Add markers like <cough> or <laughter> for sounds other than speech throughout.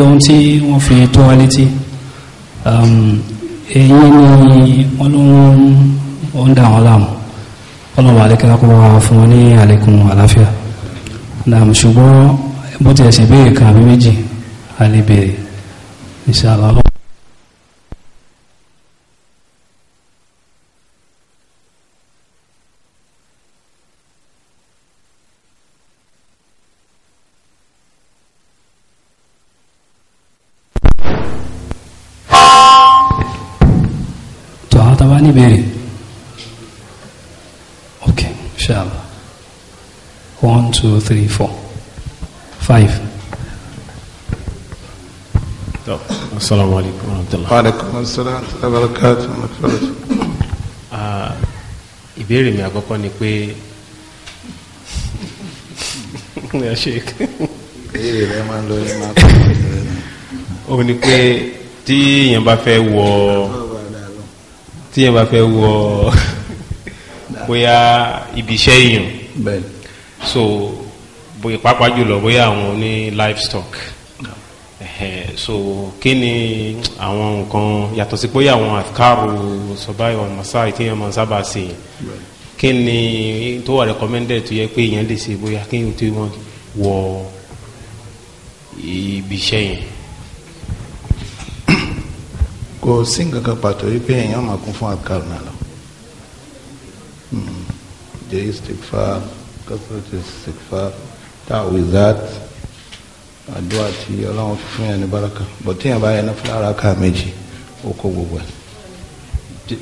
ohun tí wọ́n fi tó wá létí um, èyí ni wọ́n ló ń dà wọ́n láàmú ọlọ́wọ́ alẹ́kẹ́lá kó wá fún wọn ní àlékún àlàáfíà dàmú ṣùgbọ́n bó ti ẹ̀sìn béèrè kan àbí méjì a lè béèrè inshallah One, two, three, four, five. Assalamu alaikum warahmatullahi. Wa alaikum assalam wa barakatuh. Ah, ìbéèrè mi àkọ́kọ́ ni pé ní àṣeyìk. Ìbéèrè rẹ máa ń lọ ní máa kọ́ ọ. Ó ní pé tí èèyàn bá fẹ́ wọ tí èèyàn bá fẹ́ wọ bóyá ibiṣẹ́ èèyàn so bóyá pàápàá jùlọ bóyá àwọn oní livestock so kí ni àwọn nǹkan yàtọ̀ sí bóyá àwọn àfikàrò sọ̀báyọ̀ màsá ìtìyàn máa sábà ṣe kí ni tó wà recommended tó yẹ pé èèyàn lè ṣe bóyá kí ni tó wọ́n wọ ibi iṣẹ́ yẹn. kò sí nǹkan kan pàtó yìí pé èèyàn máa kún fún àfikàrò náà lọ. Hmm. jẹ́ ìsìtìfà kẹsàn-án ti sèkfà táwìzát àdúrà tí ọlọ́run fún yẹn ní baraka bọ̀ tí yẹn bá yẹn náà fúlára ká méjì ó kó gbogbo ẹ̀.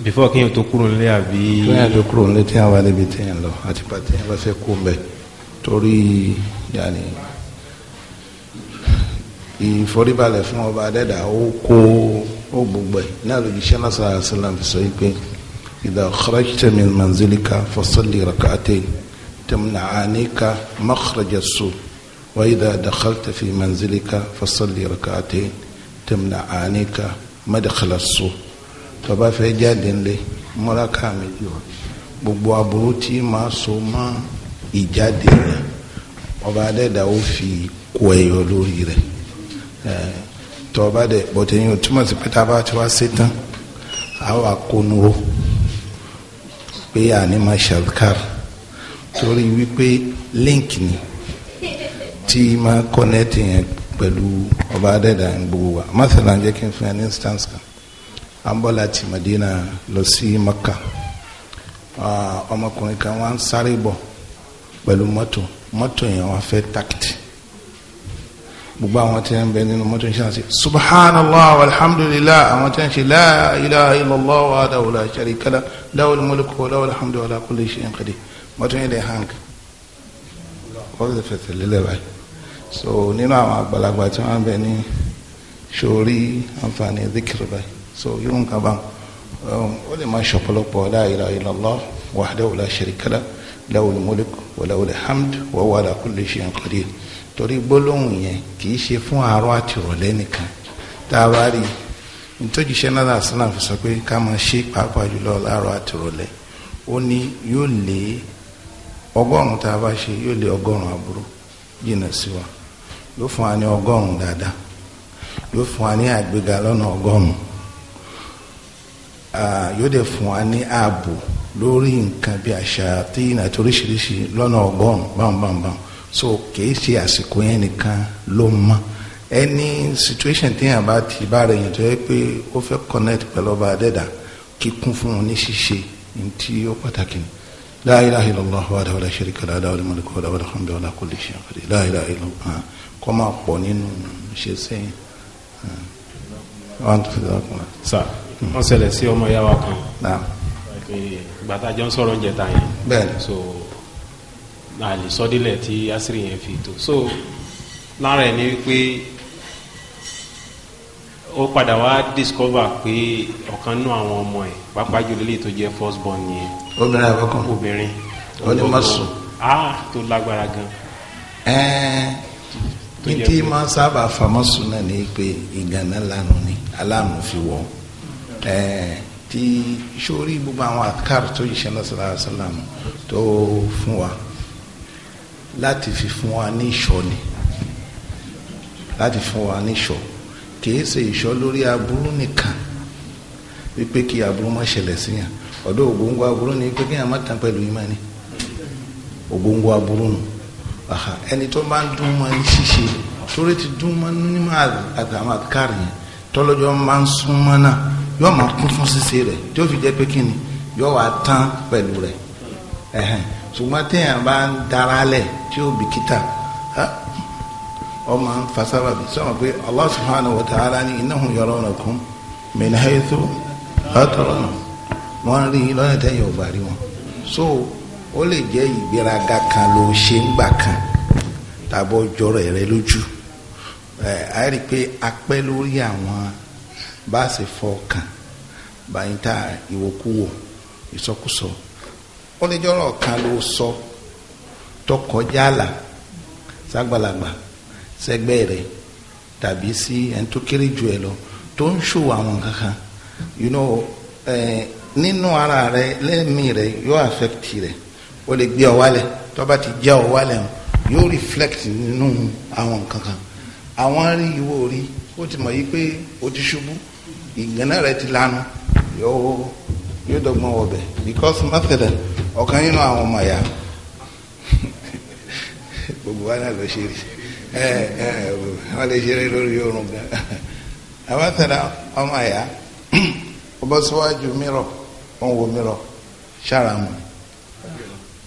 before kí yẹn tó kúrò nílé àbí. kí yẹn tó kúrò nílé tí yẹn bá níbi tí yẹn lọ àti pa tí yẹn bá fẹ́ kó mbẹ torí yàní ìforíbalẹ̀ fún ọba adẹ́dà ó kó ó gbogbo ẹ̀ náà lójú sẹ́nà sàlàsílàm sọ pé ìdá kharajta min manzilika fasalli rak'atayn. تمنعانك مخرج السوء وإذا دخلت في منزلك فصلي ركعتين تمنعانك مدخل السوء tọba fẹ́ jáde ńlẹ múraka méjì wa gbogbo aburú tí máa so mọ́ ìjáde rẹ̀ ọba adẹ́dà ó fi kó ẹyọ lórí rẹ̀ tọba dẹ bọtẹyìn o túmọ̀ sí pé tábà tí wàá ṣe tán àwọn akónúro pé àní máa ṣàlùkárì torí wípé link ni tí máa connect yẹn pẹ̀lú ọba adẹ́dà gbogbo wa masala jẹ́ kí n fún yẹn ní instance kan an bọ́ láti Madina lọ sí Maka ọmọkùnrin kan wá ń sáré bọ̀ pẹ̀lú mọ́tò mọ́tò yẹn wá fẹ́ tákìtì gbogbo àwọn tí ń bẹ nínú mọ́tò ṣe subhanallah alhamdulillah àwọn tí ń ṣe la ilaha illallah wa la sharikala lah lahul mulku wa lahul hamdu wa la kulli shay'in qadir wọ́n tún yẹn lè hang wọ́n sì fẹsẹ̀ lélẹ̀ báyìí so nínú àwọn àgbàlagbà tí wọ́n bẹ ní sórí àǹfààní zikiri báyìí so irú nǹkan bá um, ó lè máa ṣọ̀pọ̀lọpọ̀ la ilaha illallah wahdahu la sharika lah lahul mulk wa lahul hamd wa huwa ala kulli shay'in qadir torí gbólóhùn yẹn kì í ṣe fún àárọ̀ àti ìrọ̀lẹ́ nìkan tá a bá rí i nítòjíṣẹ́ náírà fi sọ pé ká máa ṣe pàápàá jùlọ láàárọ̀ àti ìrọ̀lẹ́ ó ní yóò lé ọgọ́rùn tá a bá ṣe yóò lé ọgọ́rùn aburú jìnnà sí wa yóò fún wa ní ọgọ́rùn dáadáa yóò fún wa ní àgbéga lọ́nà ọgọ́rùn yóò dẹ̀ fún wa ní ààbò lórí nǹkan bí àṣà tí ìnà tó oríṣiríṣi lọ́nà ọgọ́rùn bámbámbám so kìí ṣe àsìkò yẹn nìkan ló mọ ẹni situation téèyàn bá ti bá rẹ̀ yẹn tó yẹ pé ó fẹ́ connect pẹ̀lú ọba adẹ́dà kíkún fún un ní ṣíṣe ní tí ó pàtàkì ni. لا إله إلا الله وحده لا شريك له له الملك وله الحمد وله كل شيء قدير لا إله إلا الله كما قونين ṣe sẹ́yìn. sa wọn ṣẹlẹ̀ sí ọmọ ìyá wa kan gbàtà jọ ń sọ̀rọ̀ oúnjẹ ta yẹn so àlè sọdílẹ̀ tí asiri yẹn fi tó so lára ẹ̀ ni wípé ó padà wá discover pé ọ̀kan nú àwọn ọmọ ẹ̀ pàápàá jùlọ lè tó jẹ́ first born yẹn. obìnrin àkọ́kọ́ obìnrin. ó ní má sùn. ah tó lágbára gan. ẹẹ ní tí máa sábà fàmọ́ sùn náà ni pé ìgànnà lanu ni aláàmú fi wọ̀ ẹẹ tí sórí gbogbo àwọn àkàrà tó yìí sẹ́nà sàlàyé sàlámù tó fún wa láti fi fún wa ní ìṣọ́ ni láti fún wa ní ìṣọ́ kìí ṣe ìṣọ́ lórí aburú nìkan wípé kí aburú má ṣẹlẹ̀ sí yàn ọ̀dọ́ ògbóngbò aburú ni wípé kí yàn má tán pẹ̀lú ìmọ̀ ni ògbóngbò aburú nù ẹni tó bá ń dún mọ́ ní ṣíṣe torí ti dún mọ́ ní má àtàwọn àkàrí yẹn tọ́lọ́jọ́ máa ń sún mọ́ náà yóò máa kún fún ṣíṣe rẹ̀ tí ó fi jẹ́ pé kí ni yóò wá tán pẹ̀lú rẹ̀ ṣùgbọ́n téèyàn bá ń daralẹ̀ tí ó bìkítà ọmọ fasara bi sọ ma pé allah subhanahu wa ta'ala ni innahum yarawnakum min haythu la tarawnahum wọ́n rí i lọ́nà tẹ́yìn rí wọn so ó lè jẹ́ ìgbéraga kan ló ṣe ń gbà kan tàbọ̀ jọrọ̀ rẹ lójú ẹ̀ á rí i pé apẹ́ lórí àwọn bá a ṣe fọkàn báyìí tá ìwòkúwò ìsọkúsọ ó lè jọrọ̀ kan ló sọ tọkọjá àlà sàgbàlagbà. So, sẹ́gbẹ́ rẹ̀ tàbí sí ẹni tó kéré jù ẹ lọ tó ń ṣòwò àwọn kankan you know nínú ara rẹ lẹ́mìí rẹ yóò affect rẹ ó lè gbé ọ wálẹ̀ tó bá ti jẹ́ ọ wálẹ̀ yóò reflect nínú àwọn kankan àwọn rí ìwọ rí ó ti mọ̀ yí pé ó ti ṣubú ìgbẹ́nà rẹ ti lanu yóò yóò dọ́gbọ́n wọbẹ̀ because mọ́tẹ́lẹ̀ ọ̀kan nínú àwọn ọmọ ẹ̀yà <laughs> gbogbo wa náà lọ ṣe rí. Eh, eh, wọ́n lè ṣeré lórí oorun gan àbátẹ̀dá ọmọ àyà ọbọ̀ síwájú mírọ̀ wọ́n wo mírọ̀ sara mu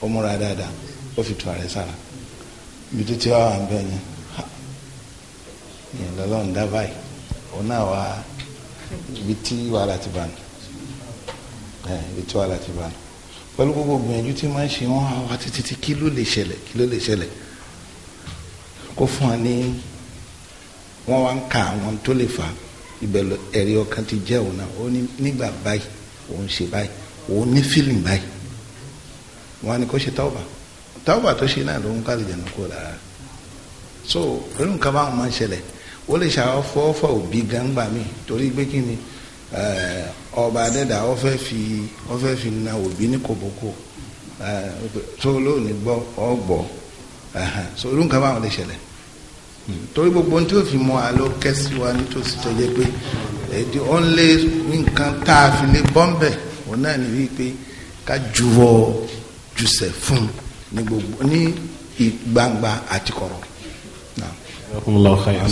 ó múra dáadáa ó fi tu ààrẹ sára ibi tó ti wá wà ń bẹ̀ ni ìyẹn lọ́lọ́run dá báyìí òun náà wá ibi tí wàhálà ti bá nù eh, ibi tí wàhálà ti bá nù pẹ̀lú gbogbo gbìyànjú tí máa ń ṣe wọ́n wá títí kí ló lè ṣẹlẹ̀ kí ló kó fún wa ní wọ́n wá ń ka àwọn tó lè fa ìbẹ̀lẹ̀ ẹ̀rí ọkàn ti jẹ́ òun náà ó ní nígbà báyìí òun ṣe báyìí òun ní fílìn báyìí wọ́n á kó ṣe tawba tawba tó ṣe náà ló ń kálí jẹ̀nu kó lára so irú nǹkan báwọn máa ń ṣẹlẹ̀ ó lè ṣàfọ́fọ́ òbí gangba mi torí pé kí ni eh, ọba adẹ́dà ó fẹ́ fi ó fẹ́ fi na òbí ní kòbókò tó eh, lónìí gbọ́ ọ gbọ́ so irú nǹkan báwọn lè ṣẹlẹ̀ Hmm. torí gbogbo tí ó fi mọ àlọ́ kẹ́sí wa nítòsí tó jẹ́ pé èdè ó ń lé nǹkan tá a fi lé bọ́m̀bẹ̀ òun náà ní wípé ká juwọ́ jùsẹ̀ fún ní gbogbo ní gbangba àti kọ̀rọ̀.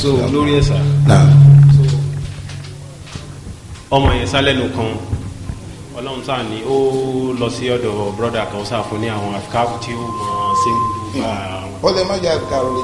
so lórí ẹ̀ sá ọmọ yẹn sálẹ̀nu kan ọlọ́run sáà ni ó lọ sí ọ̀dọ̀ bọ́dà kan sáà fún ní àwọn àfikà tí ó mọ̀ sí. Hmm. Ah, ó lè jẹ́ àfikà rò lè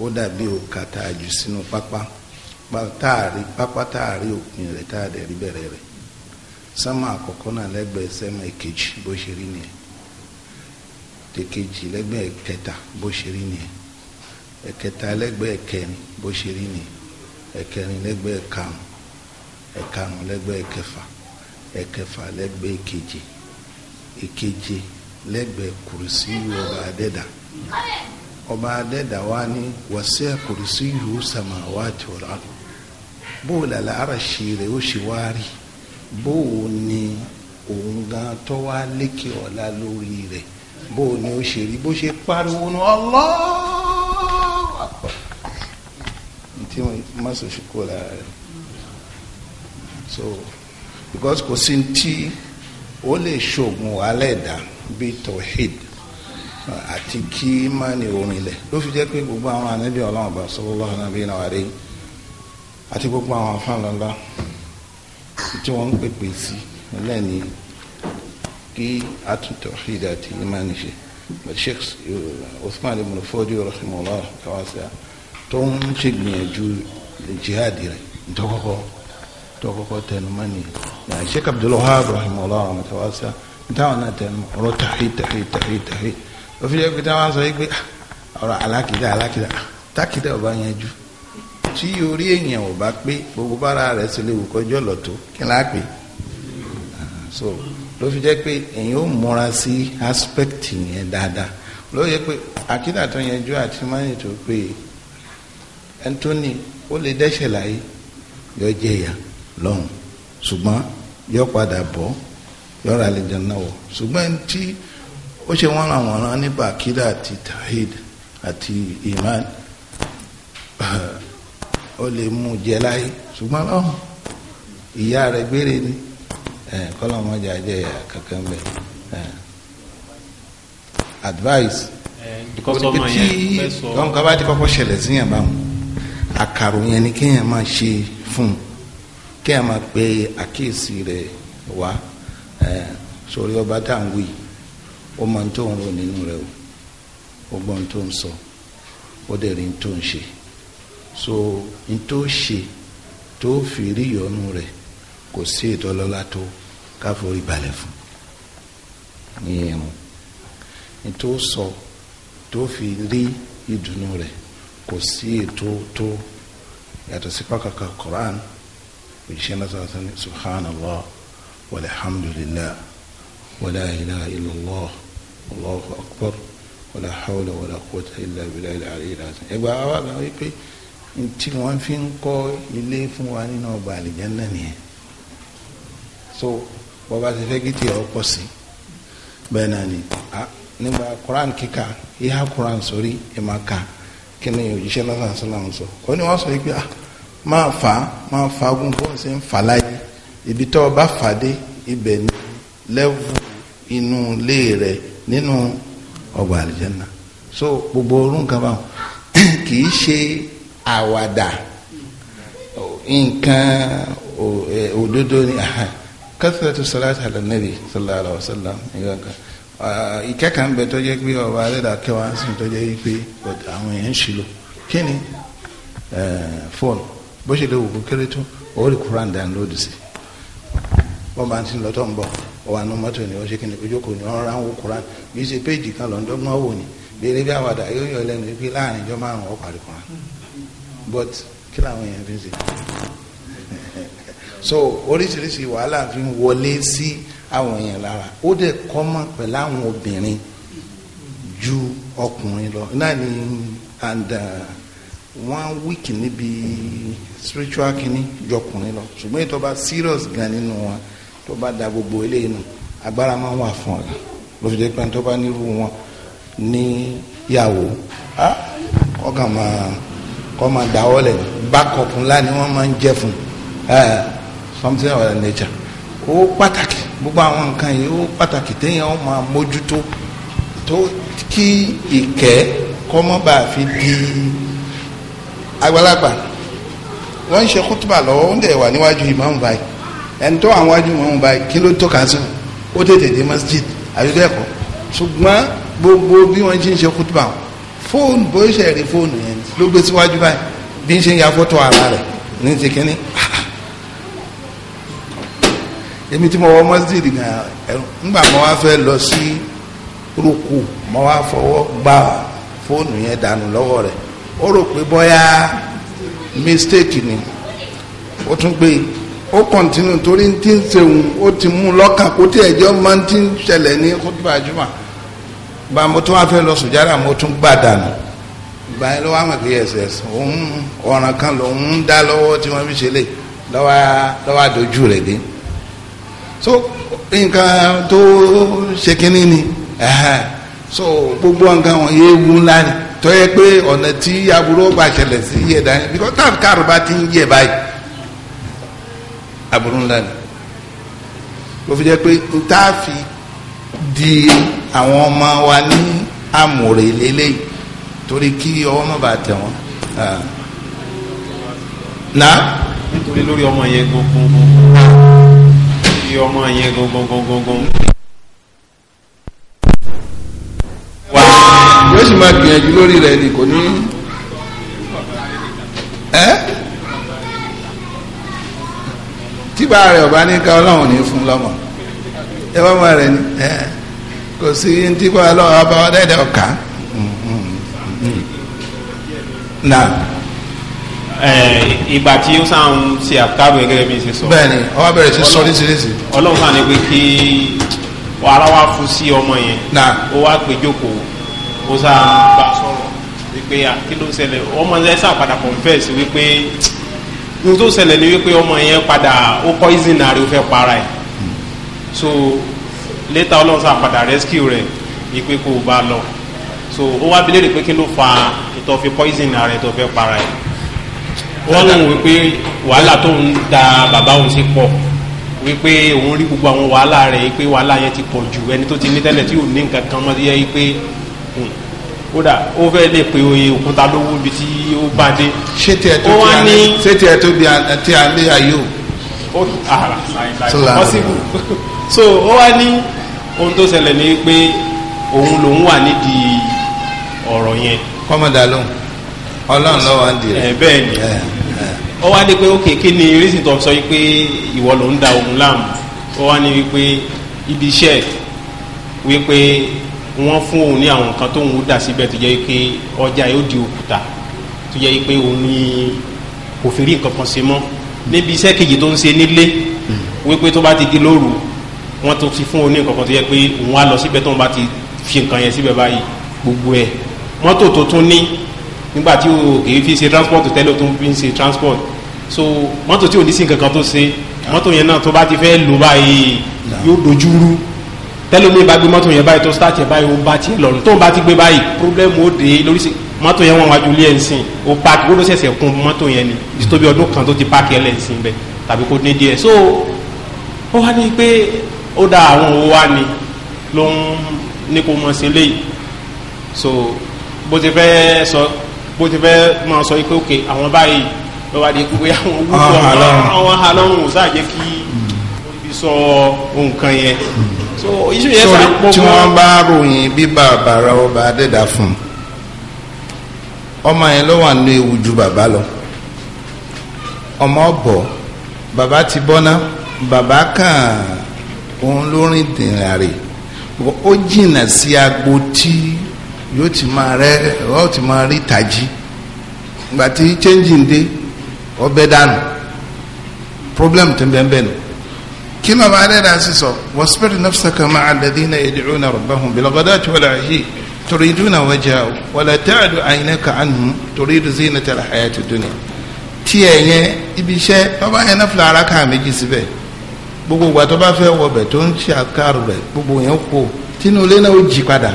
ó dàbí òkà tá a jù sínú pápá táàrí pápá táàrí òpin rẹ̀ táàdẹ̀ rí bẹ̀rẹ̀ rẹ̀ sánmà àkọ́kọ́ náà lẹ́gbẹ̀ẹ́ sánmà èkejì bó ṣe rí nìyẹn tèkejì lẹ́gbẹ̀ẹ́ kẹta bó ṣe rí nìyẹn ẹ̀kẹta lẹ́gbẹ̀ẹ́ kẹrin bó ṣe rí nìyẹn ẹ̀kẹrin lẹ́gbẹ̀ẹ́ karùn ẹ̀karùn lẹ́gbẹ̀ẹ́ kẹfà ọba adẹ́dà wa ní wàsíà kùrìsì yìí sàmàwá àti ọ̀rọ̀ àdùn bóò lálẹ́ àràṣì rẹ̀ ó ṣe wá rí bóò ni òun gan tó wá lékè ọ̀la lórí rẹ̀ bóò ni ó ṣe rí bó ṣe pariwo nu Allah tí má sọ fi kó lára rẹ̀ so because kò sí ti ó lè ṣoògùn alẹ́ dà bíi tawhid àti kí má ní orin lẹ̀ ló fi jẹ́ pé gbogbo àwọn ànábì ọlọ́run bá sallallahu alaihi wa sallam àti gbogbo àwọn afáàlọ́lá tí wọ́n ń pèpè sí lẹ́ni kí àtúntò fìdá àti ìmánì ṣe sheikh usman ibn fodi rahimahullah kawasa tó ń ṣe gbìyànjú jihadi rẹ̀ ntọ́kọ́kọ́ tọ́kọ́kọ́ tẹnumọ́ ni sheikh abdulwahab rahimahullah kawasa táwọn náà tẹnumọ́ ọ̀rọ̀ tàhí tàhí tàhí tàhí òfin yẹn pété wọn sọ yìí pé ah, ọ̀rọ̀ alákìdá alákìdá tákìdá ọba yẹn jù tí orí èèyàn ò bá pé gbogbo bára rẹ̀ sì lè wù kọjú ọ̀lọ̀ kí n láà so ló fi jẹ́ pé èèyàn ò múra sí aspect yẹn dáadáa ló yẹ pé àkìdá tó yẹn jù àti mọ́yìn tó pé ẹntóni ó lè dẹ́ṣẹ̀ láyé yọ jẹ̀yà lọ́hùn ṣùgbọ́n yọ padà bọ́ yọ ra lè jẹun náà wọ̀ ṣùgbọ́n tí ó ṣe wọ́n ràn wọ́n rán nípa akida àti tahid àti iman ó lè mú jẹ láyé ṣùgbọ́n lọ́hùn ìyá rẹ̀ gbére ni kọ́lọ́mọjà jẹ́ kankan bẹ́ẹ̀ advice níbi tí wọn kaba ti kọ́kọ́ ṣẹlẹ̀ sí yẹn báwọn àkàrò yẹn ni kéèyàn máa ṣe fún un kéèyàn máa pe àkíyèsí rẹ̀ wá sórí ọba tá wí ó mọ ohun tó ń rò nínú rẹ o ó gbọ́ tó ń sọ ó dẹ̀ rí tó ń ṣe so ohun tó ṣe tó fi rí ìyọnu rẹ kò sí ìtọ́lọ́lá tó káforí balẹ̀ fún ní ẹ̀rùn ohun tó sọ tó fi rí ìdùnnú rẹ kò sí ètò tó yàtọ̀ sí pàkàkà Quran òjíṣẹ́ náà sọ̀rọ̀ sọ́ni subhanallah walhamdulillah wala ilaha illallah. Allahu akbar wala hawla wala quwwata illa billahi al-ali al-azim ẹgbẹ́ àwa kan wípé tí wọ́n fi ń kọ́ ilé fún wa nínú ọgbà àlìjẹ́nà nìyẹn so bọ́ba ti fẹ́ kí tiẹ̀ ọkọ̀ sí bẹ́ẹ̀ náà ni nígbà Quran kíkà ìhà Quran sórí ẹ̀ máa ka kí ni òjíṣẹ́ náà sọ̀rọ̀ sọ ó ní wọ́n sọ yìí pé ah máa fà á máa fà á gún bó ń ṣe ń fà láyé ibi tó o bá fà dé ibẹ̀ ní lẹ́wù inú ilé rẹ̀ nínú ọgbà àlìjẹ́nà so gbogbo orun kan báwọn <clears throat> kì í ṣe àwàdà nǹkan òdodo ni kásìtẹ́tù sọ́láṣà lẹ́nẹ́rì sallallahu alaihi wasallam nǹkan ìkẹ́kàá ń bẹ tó jẹ́ pé ọba alẹ́dà kẹwàá sí tó jẹ́ pé àwọn èèyàn ń ṣìlò kí ni fóònù bó ṣe lè wò kó kéré tó ó rí Quran download sí i wọ́n bá ń sin lọ́tọ̀ ń bọ̀ ọ̀wà ní mọ́tò ni ọ̀ṣẹ́ kìnìún ojókòó ni ọ̀rọ̀ àwọn kùrán bí ṣe péjì kan lọ́ndọ́gbọ́n wò ni béèrè bí àwàdà yóò yọ lẹ́nu pé láàrin ìjọ márùn ọ̀ parí kùrán but kí làwọn èèyàn fi ń ṣe. so oríṣiríṣi wàhálà fi ń wọlé sí àwọn èèyàn lára ó dẹ̀ kọ́mọ pẹ̀lú àwọn obìnrin ju ọkùnrin lọ náà ni and uh, one week níbi spiritual kínní jọkùnrin lọ ṣùgbọ́n ìtọ́ serious gan nínú wọn. No tó bá da gbogbo eléyìí nù agbára máa ń wà fún ọ lọ fi jẹ pé tó bá nírú wọn níyàwó ọgà máa kọ́ máa dáwọ́ lẹ̀ bákọ̀pù ńlá ni wọ́n máa ń jẹ́ fún something of nature ó pàtàkì gbogbo àwọn nǹkan yìí ó pàtàkì téèyàn máa mójútó tó kí ìkẹ́ kọ́ mọ́ bá fi di àgbàlagbà wọ́n ń ṣe kútùbà lọ́wọ́ ó ń dẹ̀ wà níwájú ìmáàmù báyìí. ẹni tó àwọn wájú kí ló tó sí ó tètè dé masjid àyọ̀dẹ́ ṣùgbọ́n gbogbo bí wọ́n ti ń ṣe kútùbà fóònù bóyá ṣe rí fóònù yẹn ló gbé síwájú báyìí bí ń ṣe ń ya fọ́tò ara rẹ̀ ní ti kínní <laughs> èmi tí mo wọ masjid ńgbà mo wá fẹ́ lọ sí mo wá fọwọ́ gbà fóònù yẹn dànù lọ́wọ́ rẹ̀ rò pé mistake ni tún gbé e ó kọ̀ntínú torí tí ń sehun ó ti mú lọ́kàn kó tí ẹ̀jọ́ máa ń ti ń ṣẹlẹ̀ ní kótópà jùmọ̀ bá mo tún wá fẹ́ lọ sùjárà mo tún gbà dànù gbà yín lọ́wọ́ àwọn kì òun ọ̀ràn kan lòun ń dá lọ́wọ́ tí wọ́n fi ṣe lè lọ́wọ́ àdójú rẹ̀ dé so nǹkan tó ṣe kínní ni so gbogbo nǹkan wọn yé ewu ńlá ni tó yẹ pé ọ̀nà tí aburú bá ṣẹlẹ̀ sí yẹ̀ dání because táàkì kárò bá ti ń yẹ̀ báyìí aburú ńlá ni ló fi jẹ́ pé n tá a fi di àwọn ọmọ wa ní amòrè lélẹ́yìí torí kí ọwọ́ má bàa tẹ̀ wọ́n. na. nítorí lórí ọmọ yẹn gbọ̀ngbọ̀n lórí ọmọ yẹn gbọ̀ngbọ̀n gbọ̀ngbọ̀n. wà á yóò sì máa gbìyànjú lórí rẹ̀ ni kò ní. Eh? tíba rẹ̀ ọba ní ká ọlọ́run ní fún lọmọ ẹ ẹ kò sí tíba ọba ọka na. ìgbà tí ó sàn ṣe m gẹ́gẹ́ bí sọ. ọba bẹ̀rẹ̀ sí sọ nísinsìnyí. ọlọ́run sàn ní pé kí wàhálà ọmọ yẹn. na ó wá pé jókòó ó bá wípé ọmọ ẹ n tó ṣẹlẹ̀ ni wípé ọmọ yẹn padà ó kọ́ ìzìnà rẹ̀ ó fẹ́ para ẹ̀ so létà ọlọ́run sá padà rescue rẹ̀ ìpè kò bá lọ so ó wá bilé rè pé kí ló fa ìtọ́fi kọ́ ìzìnà rẹ̀ tó fẹ́ para ẹ̀ wọ́n lóun wípé wàhálà tó ń da bàbá òun sí pọ̀ wípé òun rí gbogbo àwọn wàhálà rẹ̀ wípé wàhálà yẹn ti pọ̀ jù ẹni tó ti ní tẹ́lẹ̀ tí ò ní nǹkan kan mọ́ kódà ó fẹ́ lè pe oye òkúta lówó ibi tí ó bá dé. ṣé tiẹ̀ tó ti àlẹ́ ṣé tiẹ̀ tó ti àlẹ́ ayé o. ó ara ah, possible <laughs> so ó wá ní ohun tó ṣẹlẹ̀ ni pé òun lòun wà nídìí ọ̀rọ̀ yẹn. kọ́mọ̀dà lóhùn ọlọ́run lọ́wọ́ ń di rẹ̀. Eh, bẹ́ẹ̀ ni eh, eh. ó wá dé pé ó kéèké ni reason tó sọ pé ìwọ ló ń da òun láàmú ó wá ní wípé ibi iṣẹ́ wípé wọ́n fún òun ní àwọn nǹkan tó ń dà síbẹ̀ tó jẹ́ pé ọjà yóò di òkúta tó jẹ́ pé òun ní kò fi rí nǹkan kan ṣe mọ́ níbi iṣẹ́ kejì tó ń ṣe nílé wípé tó bá ti di lóru wọ́n tó ti fún òun ní nǹkan kan tó jẹ́ pé òun á lọ síbẹ̀ tó ń bá ti fi nǹkan yẹn síbẹ̀ báyìí gbogbo ẹ̀ mọ́tò tó tún ní nígbà tí o kì fi ṣe transport tẹ́lẹ̀ tó ń fi ṣe transport so mọ́tò tí ò ní sí nǹkan kan tó ṣe mọ́tò yẹn náà tó bá ti fẹ́ lò báyìí yóò dojú rú tẹlomi bá gbé mọ́tò yẹn báyìí tó start yẹn báyìí ó bá tiẹ̀ lọ́rùn tó ń bá ti gbé báyìí problem ó dé lóríṣi mọ́tò yẹn wọn wájú ilé ẹ̀ ń sìn ó paaki ó ló ṣẹ̀ṣẹ̀ kun mọ́tò yẹn ni ìtòbi ọdún kan tó ti paaki ẹ̀ lẹ̀ ń sìn bẹ́ẹ̀ tàbí kó ní díẹ̀ so ó wá ní pé ó da àwọn owó wá ni ló ń ní kó mọ̀ sí léyìí so bó ti fẹ́ sọ bó ti fẹ́ máa sọ pé ok àwọn báyìí lọ́wọ́ adé kúkú àwọn owó àwọn àlọ́run ò sísọ nǹkan yẹn so iṣu yẹn fà pọ̀ gan. tí wọ́n bá ròyìn bí bàbá ra ọba adẹ́dà fún ọmọ yẹn ló wà nínú ewu ju bàbá lọ ọmọ ọ̀bọ̀ bàbá ti bọ́ná bàbá kàn òun ló rìn dìrìn àrè ó jìnnà sí agbo tí yóò ti máa rẹ ọ ti máa rí tají gbàtí changing dé ọbẹ̀ dànù problem tó ń bẹ́ẹ̀ bẹ́ẹ̀ nù. No kí ló bá dẹ́dà sí sọ wasbir nafsaka ma'a alladhina yad'una rabbahum bilghadati wal 'ashi turiduna wajhahu wala ta'du 'aynaka 'anhum turidu zinata al-hayati ad-dunya tiẹ̀ yẹn ibi iṣẹ́ tọ́ba yẹn náà fìlà ara ká méjì síbẹ̀ gbogbo ìgbà tó bá fẹ́ wọbẹ̀ tó ń ṣe àkàrò rẹ̀ gbogbo yẹn kó tínú ilé náà ó jì padà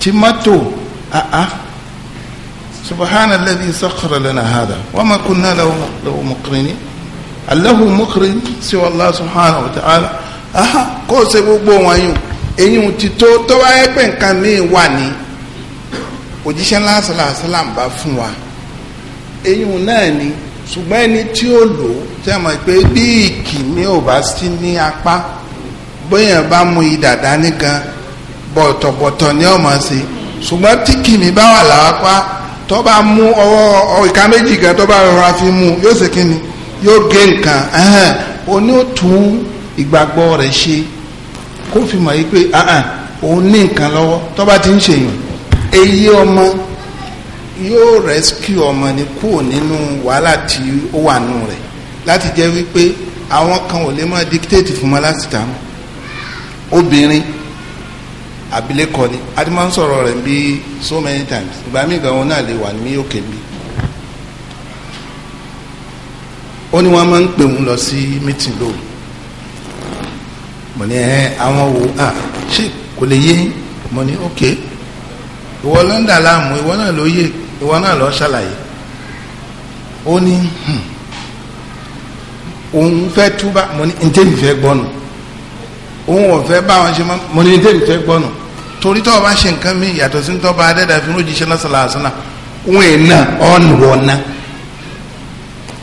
tí mọ́tò àá alladhi sakhkhara lana hadha wa kunna lahu muqrinin alahu mukri sí Allah subhanahu wa ta'ala aha kó o ṣe gbogbo wọn yìí eyín ti tó tó bá yẹ pé nǹkan míì wà ní òjíṣẹ́ ńlá sàlàsàlàm bá fún wa eyín náà ni ṣùgbọ́n ẹni tí ó lò ó tí a mọ̀ pé bí ìkíní ò bá sí ní apá bóyá bá mu ìdàdá nìkan bọ̀tọ̀bọ̀tọ̀ ni ọmọ sí ṣùgbọ́n tí kìíní bá wà lápá tó bá mú ọwọ́ ìka méjì gan tó bá rọra fi mú yóò ṣe kíni yóò gé nǹkan òun ni ó tún ìgbàgbọ́ rẹ̀ ṣe kó fi mọ̀ yìí pé òun ní nǹkan lọ́wọ́ tó bá ti ń ṣèyàn èyí ọmọ yóò rescue ọmọ ni kúrò nínú wàhálà tí ó wà nù rẹ̀ láti jẹ́ wípé àwọn kan ò lè máa dictate fún ọmọ láti tà mọ́ obìnrin abilékọ ni a ti máa bí so many times ìgbà míì gan-an náà lè wà ní òkè mi ó ní wọ́n máa ń pè òun lọ sí mítìn lóru mo ní ẹ àwọn wo à ah, ṣé kò lè yé mo ní ok ìwọ ló ń dà láàmú ìwọ náà ló yé ìwọ náà lọ ṣàlàyé ó ní hmm, òun fẹ́ túbà mo ní ntẹ́ mi fẹ́ gbọ́nù òun ò fẹ́ bá wọn ṣe mo ní ntẹ́ mi fẹ́ gbọ́nù torí tọ́ ọ ṣe nǹkan mi yàtọ̀ sí tọ́ bá adẹ́dàfin lójijì ṣẹlẹ̀ ṣẹlẹ̀ àṣẹ òun ẹ̀ náà ọ̀nù wọ̀ náà.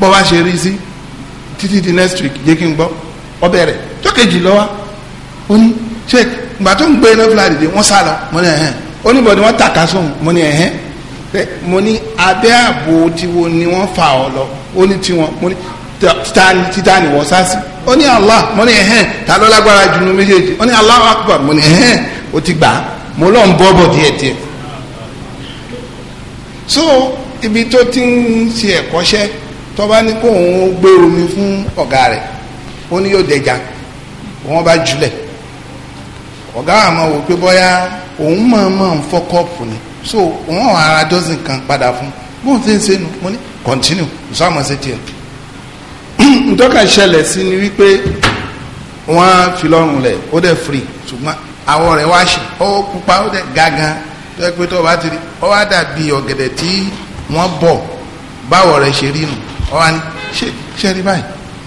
bọ́ bá ṣe rí sí títí di next week jẹ́ kí n gbọ́ ọbẹ̀ rẹ̀ tó kejì lọ́wọ́ ó ní sheik gbà tó ń gbé iná fúlàdì dé wọ́n sá lọ mo ní ẹ̀hẹ́n ó ní bọ̀dé wọ́n tàka sóhun mo ní ẹ̀hẹ́n mo ní abẹ́ ààbò tiwo ni wọ́n fà ọ́ lọ ó ní tiwọn mo ní títà ni wọ́n sá sí ó ní Allah mo ní ẹ̀hẹ́n ta ló lágbára jù nínú méjèèjì ó ní Allahu akbar mo ní ẹ̀hẹ́n ó ti gbà mo lọ́n bọ́ bọ̀ díẹ̀díẹ̀ so ibi tó ti ń ṣe ẹ̀kọ́ṣẹ́ tọ́ba ní kó òun gbé omi fún ọ̀gá rẹ̀ ó ní yóò dẹja wọ́n bá jùlẹ̀ ọ̀gá àmọ́ wò pé bọ́yá òun mọ̀ọ́mọ̀ ń fọ́ kọ́ọ̀pù ni so òun ara dọ́sìn kan padà fún bóun ti ń ṣe nu mo ní continue ìsọ́mọ̀ ṣe tiẹ̀ ntọ́ka <clears throat> ṣẹlẹ̀ sí ni wípé wọ́n fi lọ́rùn lẹ̀ ó dẹ̀ firi ṣùgbọ́n àwọ̀ rẹ̀ wá ṣe ó pupa ó dẹ̀ gàgàn tó yẹ pé tó o bá ti rí ọ wá dàbí ọ̀gẹ̀dẹ̀ tí wọ́n bọ̀ báwọ̀ rẹ̀ ṣe rí nù ọba ni ṣe ṣe rí báyìí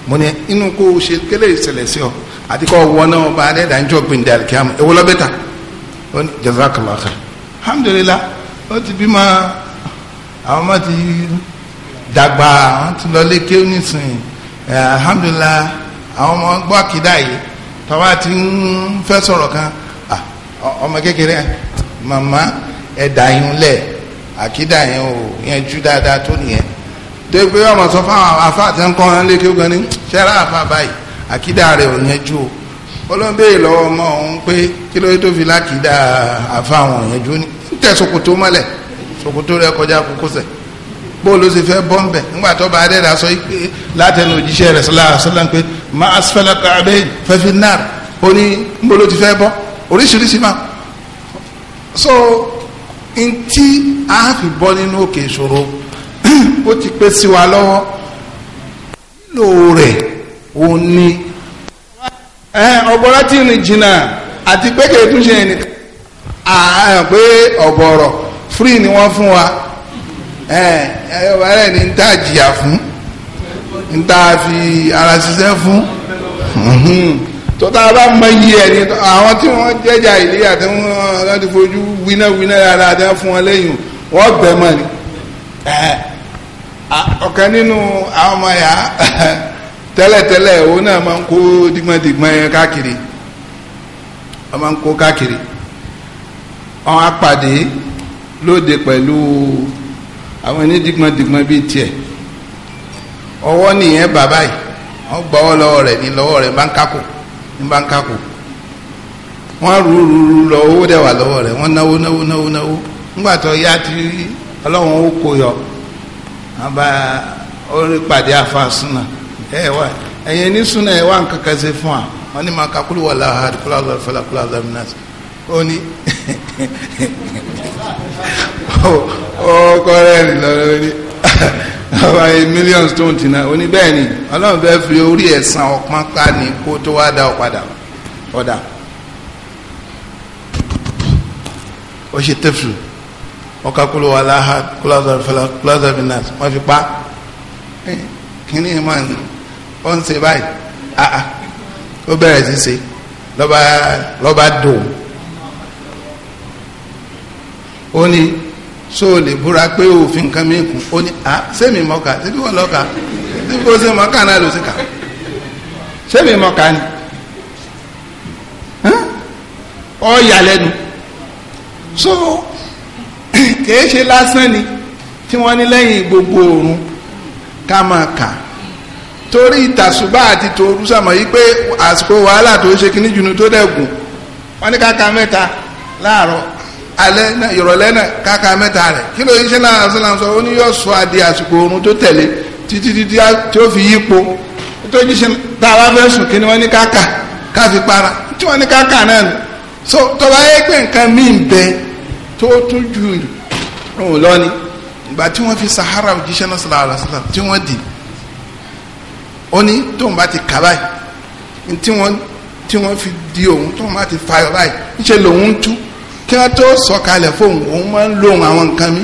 mo ní inú kó o ṣe kélé ìṣẹ̀lẹ̀ sí ọ àti kó o wọ náà ọba adẹ́dà ń jọ gbìndé alikiamu ewu lọ bẹ́tà ó ní jazakallah khair alhamdulilah ó ti bí ma àwọn ọmọ ti dàgbà àwọn ti lọ lé kéwù nísìnyí alhamdulilah àwọn ọmọ gbọ́ àkìdá yìí tọ́wọ́ ti ń fẹ́ sọ̀rọ̀ kan ọmọ kékeré màmá ẹ̀dá yín lẹ̀ àkìdá yẹn ò yẹn jú dáadáa tó nìyẹn. tó pé ọmọ sọ fáwọn àti ẹnkọ́ wọn lé kí ó gan ni ṣẹ́ra àfa báyìí àkídà rẹ̀ ò yẹn ju o olóńbéè ọmọ òun pé kí ló tó fi lákìdá àfa àwọn yẹn ju ní tẹ̀ mọ́lẹ̀ kọjá bó ló ṣe nígbà tó bá sọ pé látẹnu sọlá sọlá pé náà ó ní bó ló ti oríṣiríṣi máa so ntí a fi bọ́ nínú òkè ìṣòro ó ti pé sí wa lọ́wọ́ nílò rẹ̀ ò ní. ọ̀bọ̀rọ̀ tí ní jìnnà àti pé kí ètò ṣe ẹnì àhàn pé ọ̀bọ̀rọ̀ free ni wọ́n fún wa ọ̀bọ̀rọ̀ ni ń tà jìyà fún ń tà fi ara ṣiṣẹ́ fún tọ́tà bá mọ iye ẹ̀ ní àwọn tí wọ́n jẹ́jà ìlú àti wọ́n ti fojú winá winá rárá àti wọ́n fún wọn lẹ́yìn wọ́n bẹ̀ ni. ọ̀kan nínú àwọn ọmọ ya <laughs> tẹ́lẹ̀tẹ́lẹ̀ náà máa ń kó dìgbọ́ndìgbọ́n yẹn káàkiri wọ́n ń kó káàkiri wọ́n á pàdé lóde pẹ̀lú àwọn onídìgbọ́ndìgbọ́n bíi tiẹ̀ ọwọ́ nìyẹn bàbá yìí wọ́n lọ́wọ́ rẹ̀ ní lọ́wọ́ rẹ̀ bá ní wọ́n rú rú rú lọ owó dẹ̀ wà lọ́wọ́ rẹ̀ wọ́n náwó náwó náwó yọ àbá orí pàdé àfàsúnà ẹ wá ẹ̀yin ní súnà ẹ wá nǹkan kan ṣe fún wa wọn ní máa ka kúlù wà láhàd kúlù àlọ ìfọlá kúlù àlọ mìíràn ó ní ọkọ rẹ rìn lọ lórí ọba million stone ti na ó ní bẹ́ẹ̀ ni ọlọ́run fẹ́ fi orí ẹ̀ san ọpọ́n ká ní kó tó wá dá ọ ọ̀dà ó ṣe tẹ́fù wọ́n ká kúlò wà láhà kúlọ́dọ̀ bí nàá wọ́n fi pa kíní ìmọ̀ ni ó ń ṣe báyìí àà ó bẹ̀rẹ̀ sí ṣe lọ́ba lọ́ba dò ó ní so lè búra pé òfin kan mi kù ó ní à sẹ́mi mọ́ka síbí wọ́n lọ́ka síbí wọ́n ṣe mọ́ka náà ló sì kà sẹ́mi mọ́ka ni ọ yà lẹ́nu so kìí ṣe lásán ni tí wọ́n ní lẹ́yìn gbogbo oorun ká máa kà torí ìtàṣùbà àti tòru sàmọ̀ yìí pé àsìkò wàhálà tó ṣe kíní jùnú tó dẹ̀gùn wọ́n ní káka mẹ́ta láàárọ̀ alẹ́ náà ìrọ̀lẹ́ náà káka mẹ́ta rẹ̀ kí ló yíṣẹ́ náà sọ́nà sọ ó ní yóò sọ adé àsìkò oorun tó tẹ̀lé títí títí tí ó fi yípo tó jíṣẹ́ tá a bá fẹ́ sùn kí wọ́n ní káka káfi para tí wọ́n ní káka náà so tọ́ba yẹ pé nǹkan míì bẹ tó tún jù òun lọ ìgbà tí wọ́n fi sahara òjíṣẹ́ náà sallallahu alaihi wasallam tí wọ́n dì ó ní tóun bá ti kà báyìí tí wọ́n tí wọ́n fi di òun tóun bá ti fayọ báyìí ńṣe lòun tú kí wọ́n tó sọ̀kalẹ̀ fóun òun máa ń lóhun àwọn nǹkan mi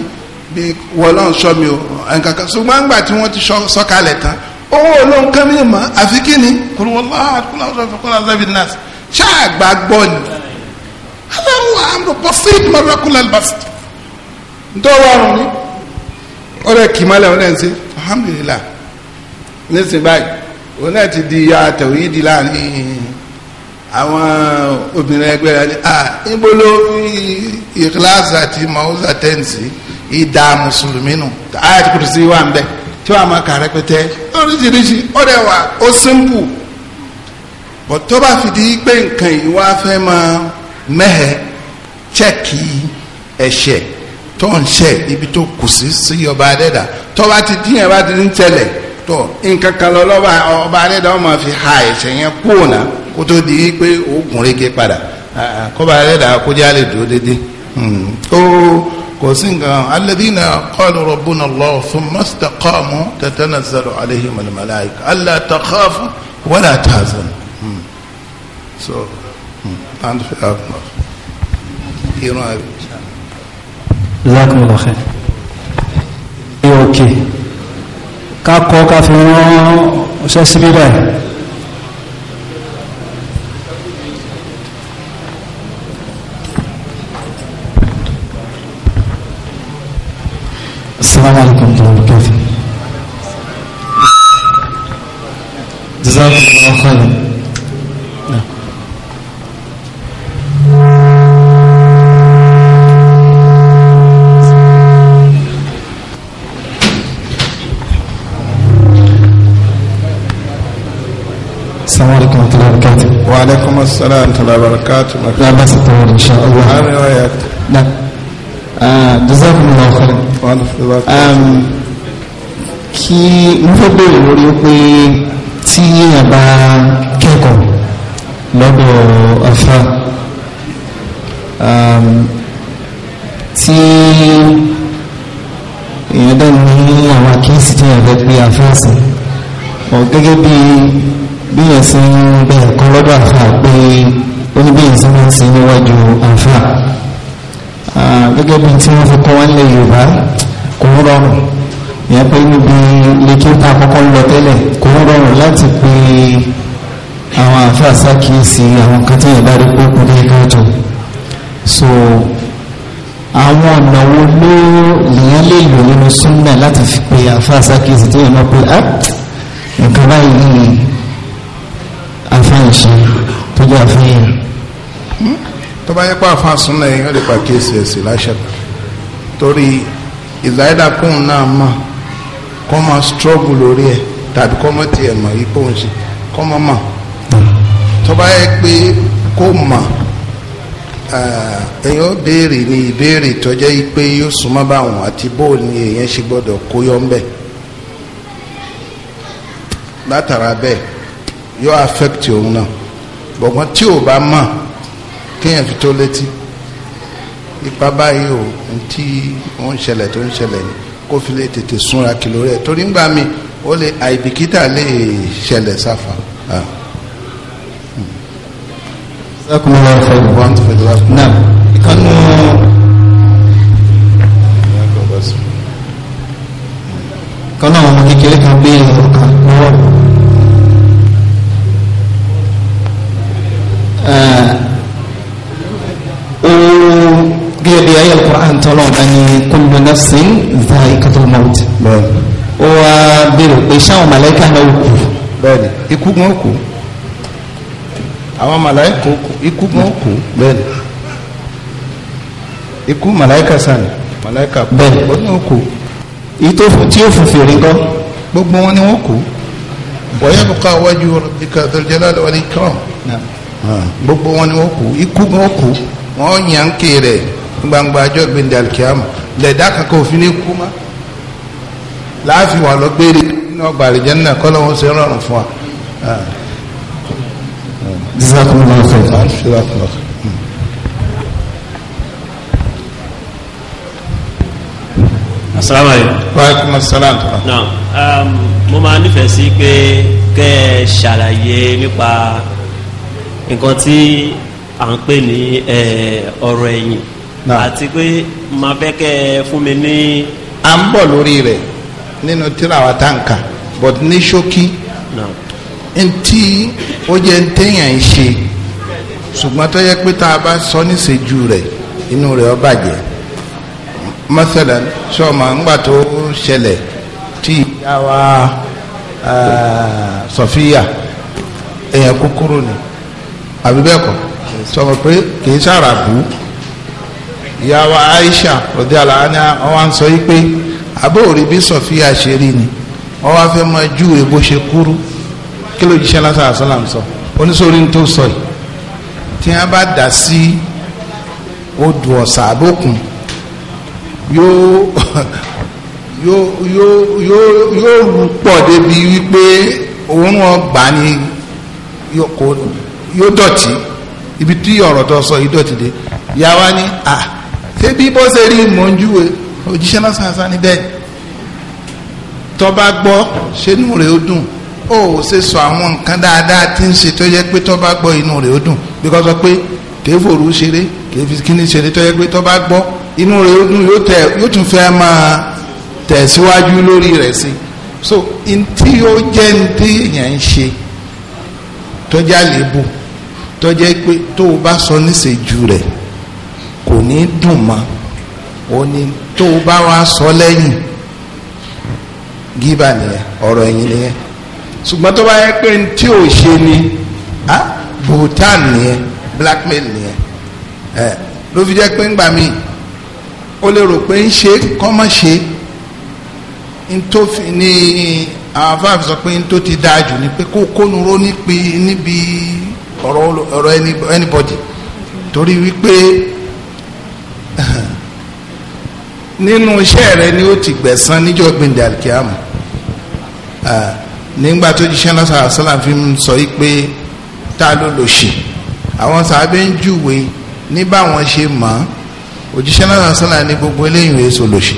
bí wọlọ́n sọ mi o nǹkan kan ṣùgbọ́n àgbà tí wọ́n ti sọ̀kalẹ̀ tán owó olóhun kan mi mọ́ àfi kí ni kúrò wọ́n lọ́wọ́ ntọ́wọ́ àrùn ni ọ̀rẹ́ kìmọ́lẹ̀ ọ̀rẹ́ ń ṣe alhamdulilah nísìnyí báyìí òun náà ti di ya tẹ̀wéèdì láàrin àwọn obìnrin ẹgbẹ́ rẹ ni ah níbo ló ìkíláàsì àti mọ̀ọ́sà tẹ́ǹsì ìdá mùsùlùmí nù ayat kùrùsí wà ń bẹ tí wàá máa kà rẹpẹtẹ oríṣiríṣi ọ̀rẹ́ wa ó simple bọ̀ tó bá fi di pé nǹkan yìí fẹ́ máa mẹ́hẹ̀ chẹ́ẹ̀kì ẹ̀ṣẹ̀ tó ń ṣe ibi tó kù sí sí ọba adẹ́dà tó bá ti dín ẹ̀ bá ti ń tẹ̀lẹ̀ tó nǹkan kan lọ lọ́ba ọba adẹ́dà ọmọ fi ha ẹ̀ṣẹ̀ yẹn kúrò náà kó tó di pé oògùn rege padà kọ́ba adẹ́dà kójá lè dúró déédéé hmm. ó kò sí nǹkan alladhina qalu rabbuna Allah thumma istaqamu tatanazzalu alayhim al-malaika alla takhafu wala hmm. so hmm. and irun abi. Jazakumullahu khair ní òkè kákọ́ ká fi wọ́n ṣẹ́ síbí báyìí السلام عليكم ورحمة الله وبركاته جزاكم الله خيرا السلام ورحمة الله وبركاته لا بأس طبعا إن شاء الله أنا وياك نعم جزاكم الله خيرا kí mo fẹ́ bèèrè lórí pé tí èèyàn bá kẹ́kọ̀ọ́ lọ́dọ̀ afa um, tí èèyàn dẹ̀ ní àwọn àkíyèsí tí èèyàn fẹ́ pé afa sí gẹ́gẹ́ bíi bí yẹn ṣe ń bẹ nǹkan lọ́dọ̀ àfà pé ó ní bí yẹn ṣe máa ń ṣe níwájú àfà gẹ́gẹ́ bí tí wọ́n fi kọ́ wọn lè Yorùbá kò ń rọrùn ìyẹn pé níbi lẹ́kẹ́ta àkọ́kọ́ ń lọ tẹ́lẹ̀ kò ń rọrùn láti pé àwọn àfà ṣàkíyèsí àwọn kan tí yẹn bá rí pé kò ní kájọ so àwọn ọ̀nà wo ló lèyàn lè lò nínú súnmọ̀ láti fi pe àfà ṣàkíyèsí tí yẹn máa pé ah, nǹkan báyìí nìyẹn gbà fún yẹn. tó bá yẹ pé àfàsùn náà yẹn lè pa kéèsì ẹ̀sìn láṣẹ torí ìzáyédà kóun náà mọ̀ kó máa struggle lórí ẹ̀ tàbí kó mọ̀ tiẹ̀ mọ̀ yìí kóun ṣe kó mọ̀ mọ̀ tó bá yẹ pé kó mọ̀ èèyàn béèrè ní ìbéèrè tó jẹ́ pé yóò súnmọ́ báwọn àti bó ni èèyàn ṣe gbọ́dọ̀ kó yọ ńbẹ̀ látara bẹ́ẹ̀ yóò affect òun náà bọ̀gbọ́n tí ò bá mọ̀ kéèyàn fi tó létí ipa báyìí ò ń tí ó ń ṣẹlẹ̀ tó ń ṣẹlẹ̀ ni kó fi lè tètè súnra kìlò rẹ̀ torí ń gbà mí ó lè àìbìkítà lè ṣẹlẹ̀ sáfà. sákùnrin ah. ọ̀fẹ́ ọmọ kékeré kan gbé ọkàn lọ́wọ́ tọ́lọ̀ bá ní kullu nafsin dha'iqatul maut ó wá bèrè pé sáwọn màláìka náà kù. bẹ́ẹ̀ni ikú gan kù àwọn màláìka ikú gan kù. bẹ́ẹ̀ni ikú màláìka sani màláìka kù. bẹ́ẹ̀ni ó náà kù. tí yóò fòfin rí gan. gbogbo wọn ni wọn kù. wa yabqa wajhu rabbika dhul jalali wal ikram. gbogbo wọn ni wọn kù ikú gan kù wọn yàn kéré gbangba ajọ́ gbẹ̀ndẹ̀ alikiyama lẹ̀dá kankan òfin ní kú ma láàfin wà lọ gbére ọgbà àlìjẹ́ náà kọ́ lọ́wọ́ ṣe rọrùn fún wa. asalaamualeykum. wa aleykum asalaam. Um, mo máa nífẹ̀ẹ́ sí pé kẹ́ ẹ ṣàlàyé nípa nǹkan tí à ń pè ní eh, ọ̀rọ̀ ẹ̀yìn àti pé màá fẹ́ kẹ́ ẹ fún mi ní. à ń bọ̀ lórí rẹ̀ nínú tíra wa but ní ṣókí ntí ó jẹ́ ntẹ́yàn ń ṣe ṣùgbọ́n tó yẹ pé tá a bá sọ níṣẹ́jú rẹ̀ inú rẹ̀ ó bàjẹ́ mọ́sálà sọ́ọ̀mà ńgbà tó ṣẹlẹ̀ tí ìyá wa sọ̀fíyà èèyàn kúkúrú ni àbí bẹ́ẹ̀ kọ́ sọ pé kì í sára bù ú ìyá Aisha radiyallahu anha wọ́n wá ń sọ yí pé àbóòrí bí Sọfíà ṣe rí ni wọ́n wá fẹ́ máa ju èbó ṣe kúrú kí ló jíṣẹ́ lásán àṣọlá sọ oníṣòrí tó sọ yìí tí wọ́n bá dà sí odò ọ̀sà àbókùn <laughs> yóò yóò yóò yóò rú pọ̀ débi wípé òun ọgbà ni yóò dọ̀tí ibi tí ọ̀rọ̀ tó sọ yìí dọ̀tí dé yàwá ni ah ṣé bí bó ṣe rí mò ń júwe òjíṣẹ́ náà sàásà níbẹ̀ tọ́ba gbọ́ ṣé inú rẹ̀ ó dùn ó ṣe sọ àwọn nǹkan dáadáa tí ń ṣe tó yẹ pé tọ́ba gbọ́ inú rẹ̀ ó dùn because pé kèé fòrú ṣeré kèé fi kíní ṣeré tó yẹ pé tọ́ba gbọ́ inú rẹ̀ ó dùn yóò tún fẹ́ máa tẹ̀síwájú lórí rẹ̀ sí so ntí ó jẹ́ ntí èèyàn ń ṣe tọ́jà lébù tọ́jà pé tó o bá sọ níṣẹ́jú rẹ̀ kò ní dùn mọ́ ó ní tó o bá wa sọ lẹ́yìn gíbà nìyẹn ọ̀rọ̀ ẹ̀yìn nìyẹn ṣùgbọ́n tó bá yẹ pé tí ò ṣe ni ah, bhutan nìyẹn blackmail nìyẹn ẹ ló fi jẹ́ pé ńgbà míì ó lè rò pé ń ṣe kọ́ mọ́ ń tó fi ní àwọn afáàfi sọ pé ń tó ti dáa jù ni pé kó kónú ró níbi ọ̀rọ̀ anybody torí wípé nínú iṣẹ́ rẹ ni ó ti gbẹ̀san níjọ́ gbẹ̀ndẹ̀ alikiamu nígbà tó jíṣẹ́ lọ́sàn àṣàlà fi ń sọ yìí pé ta ló lò ṣe àwọn sàbẹ̀ ń júwe ní báwọn ṣe mọ̀ òjíṣẹ́ lọ́sàn àṣàlà ní gbogbo eléyìí èso lò ṣe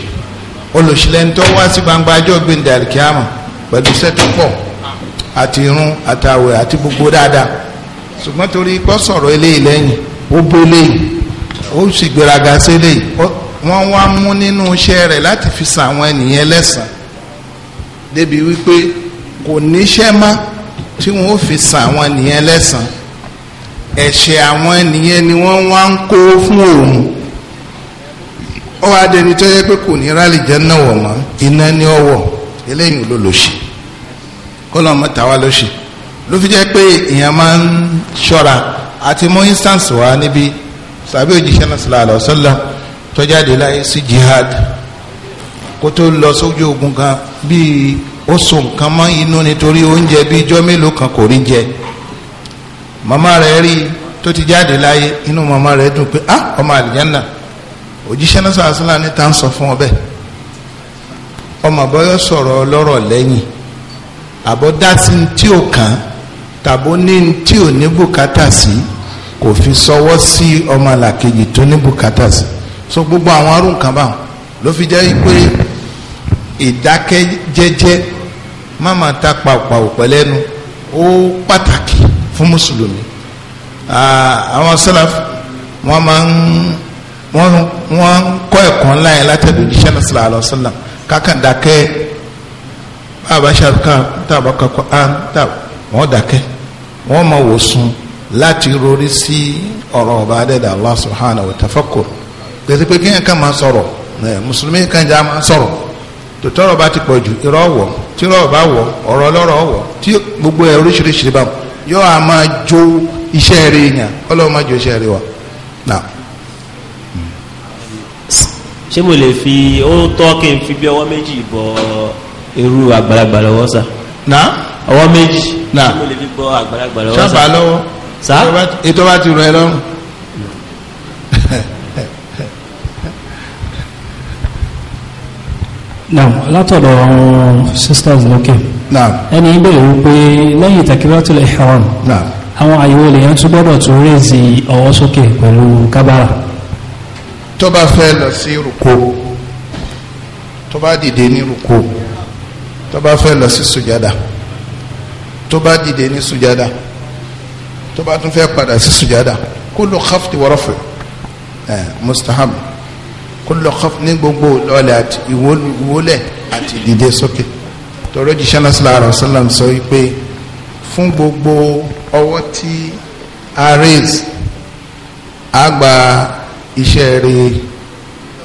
olùṣìlẹ́ni tó wá sí gbangba ajọ́ gbẹ̀ndẹ̀ alikiamu pẹ̀lú sẹ́tọ̀pọ̀ àti irun àtàwẹ̀ àti gbogbo dáadáa ṣùgbọ́n torí pọ́ eléyìí lẹ́yìn ó bó eléyìí ó sì gbéraga sí eléyìí wọ́n wá mú nínú iṣẹ́ rẹ̀ láti fi san àwọn ènìyàn lẹ́sàn débi wípé kò níṣẹ́ mọ́ tí wọ́n ó fi san àwọn ènìyàn lẹ́sàn ẹ̀ṣẹ̀ àwọn ènìyàn ni wọ́n wá ń kó fún òun ó wá dẹni tó yẹ pé kò ní rálì jẹ́ náà wọ̀ mọ́ iná ní ọ̀wọ̀ eléyìí ló lò ṣe kó lọ́ọ́ mọ́ta wá ló ṣe ló fi jẹ́ pé èèyàn máa ń ṣọ́ra àti mú instance wá níbi sàbí òjíṣẹ́ náà sallallahu alaihi wasallam tó jáde láyé sí jihad kó tó lọ sójú ogun kan bíi ó so nǹkan mọ́ inú nítorí oúnjẹ bíi ijọ́ mélòó kan kò rí jẹ màmá rẹ̀ rí tó ti jáde láyé inú màmá rẹ̀ dùn pé ah ọmọ àlìjánà òjíṣẹ́ náà sọ̀rọ̀ sílá ní tá ń sọ fún ọ bẹ́ẹ̀ ọmọ àbọ̀yọ̀ sọ̀rọ̀ ọlọ́rọ̀ lẹ́yìn àbọ̀ dá sí ní tí ò kàn tàbó ní ní tí ò ní bùkátà sí kò fi sọwọ́ sí ọmọ làkejì tó ní bùkátà sí so gbogbo àwọn arú nǹkan báwọn ló fi jẹ́ pé ìdákẹ́jẹ́jẹ́ má máa ta pàpàwò pẹ̀lẹ́nu ó pàtàkì fún mùsùlùmí àwọn sálàf wọ́n máa ń wọ́n wọ́n kọ́ ẹ̀kọ́ ńlá yẹn látẹ̀dọ̀ òjíṣẹ́ náà sallallahu alaihi wasallam kákan dákẹ́ bàbá ṣàkà tàbá kakọ án tàbá wọ́n dákẹ́ wọ́n máa wò sùn láti rori sí ọ̀rọ̀ ọba adẹ́dàá Allah subhanahu wa Ta'fakur gbèsè pé kéèyàn kan máa sọ̀rọ̀ mùsùlùmí kan já máa sọ̀rọ̀ tòtọ́rọ̀ bá ti pọ̀ jù irọ́ wọ̀ tí irọ́ bá wọ̀ ọ̀rọ̀ ọlọ́rọ̀ wọ̀ tí gbogbo ẹ̀ oríṣiríṣi bá wọ̀ yóò a máa jó iṣẹ́ rẹ̀ yàn ọlọ́run máa jó iṣẹ́ rẹ̀ wa. ṣé mo lè fi ó tọ́ kí n fi bí ọwọ́ méjì bọ irú àgbàlagbà lọ́wọ́ sá. na ọwọ́ méjì. na ṣé mo lè fi bọ àgbàlagbà lọ́wọ́ sá. sábà lọ́wọ́. sá ètò bá ti rọ ẹ lọ́rùn. naam látọ̀dọ̀ àwọn sisters lókè naam ẹni ìbéèrè wípé lẹ́yìn takbiratul ihram naam àwọn àyẹ̀wò lèyàn tún gbọ́dọ̀ tún rèézi ọwọ́ sókè pẹ̀lú kábàrà. tó bá fẹ́ lọ sí rúkó tó bá dìde ní rúkó tó bá fẹ́ lọ sí sùjádà tó bá dìde ní sùjádà tó bá tún fẹ́ padà sí sùjádà kullu khafdi wa raf'i eh, mustahab kullu khaf ní gbogbo ọ̀lẹ̀ àti ìwólẹ̀ àti ìdìde sókè tọrọ jíṣẹ́ náà sallallahu alaihi wasallam sọ wípé fún gbogbo ọwọ́ tí a raise a gba iṣẹ́ rẹ̀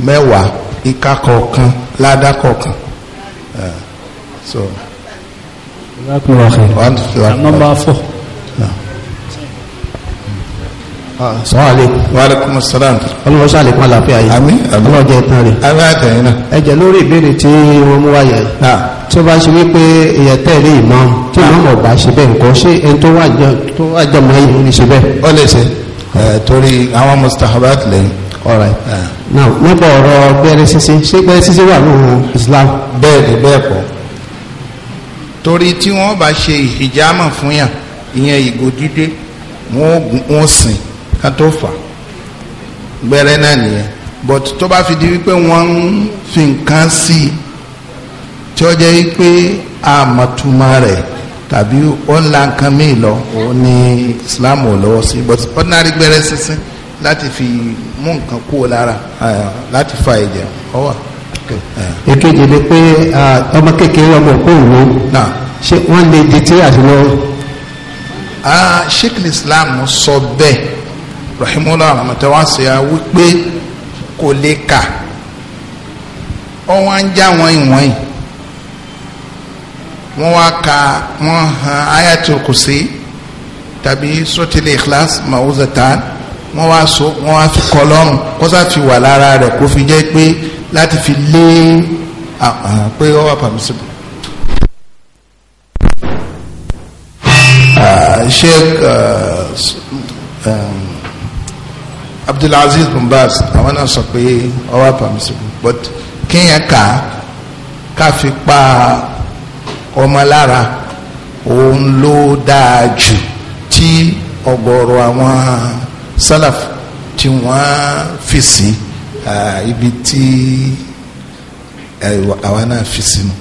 mẹ́wàá ìka kọ̀ọ̀kan ládà kọ̀ọ̀kan. Ah, so. number four. wàlẹ́kùn sàlám. ọlọ́wọ́ sàlẹ̀kùn àlàáfíà yìí. àmín àmín ọlọ́jẹ́ ìtàn rẹ̀. àmín àtẹ̀yìn náà. ẹ jẹ́ lórí ìbéèrè tí wọ́n mú wáyà yìí. tí ó bá ṣe wípé ìyẹn tẹ̀lé imam tí imam ọ̀gbà ṣe bẹ́ẹ̀ nǹkan ṣé ẹni tó wà jọ mọ́ ẹ̀yìn ní ṣe bẹ́ẹ̀. ó lè ṣe torí àwọn mustahabat lẹ́yìn. alright now nípa ọ̀rọ̀ gbẹ́rẹ́ sísí ṣé gbẹ́rẹ́ sísí wà nínú Islam. bẹ́ẹ̀ ni bẹ́ẹ̀ kọ́ torí tí wọ́n bá ṣe ìhìjámà fún yàn ìyẹn ìgò dídé wọ́n sìn ká tó fà gbẹrẹ náà nìyẹn but tó bá fi di wípé wọ́n ń fi nǹkan sí i tí ó jẹ́ wípé àmọ̀túmọ̀ rẹ̀ tàbí ó ń la nǹkan míì lọ òun ni Islam ò lọ́wọ́ sí but ordinary gbẹrẹ sísìn láti fi mú nǹkan kúrò lára láti fa ẹ̀jẹ̀ ọwọ́ èkejì ni pé ọmọ kékeré ọmọ òkú òun ṣé wọ́n lè di tí àti sheikh islam sọ bẹ́ẹ̀ rahimola aramatawasia wípé kò lè kà ọwọ́n ń já wọn ìwọ̀n yìí wọ́n wá ka wọ́n han ayatul kursi tàbí sọ́tìlẹ̀ ikhlas mawuzatan wọ́n wá so wọ́n wá fi kọ́ lọ́rùn kó sá fi wà lára rẹ̀ kó fi jẹ́ pé láti fi lé pé ó wà pàmísìbò. Ah, sheikh. Ah, Abdulaziz bin Baz àwọn náà sọ pé ọwọ́ permissible but kéèyàn kà ká fi pa ọmọ lára òun ló dáa jù tí ọ̀gọ̀rọ̀ àwọn salaf tí wọ́n fi sí ibi tí àwa náà fi sí nu.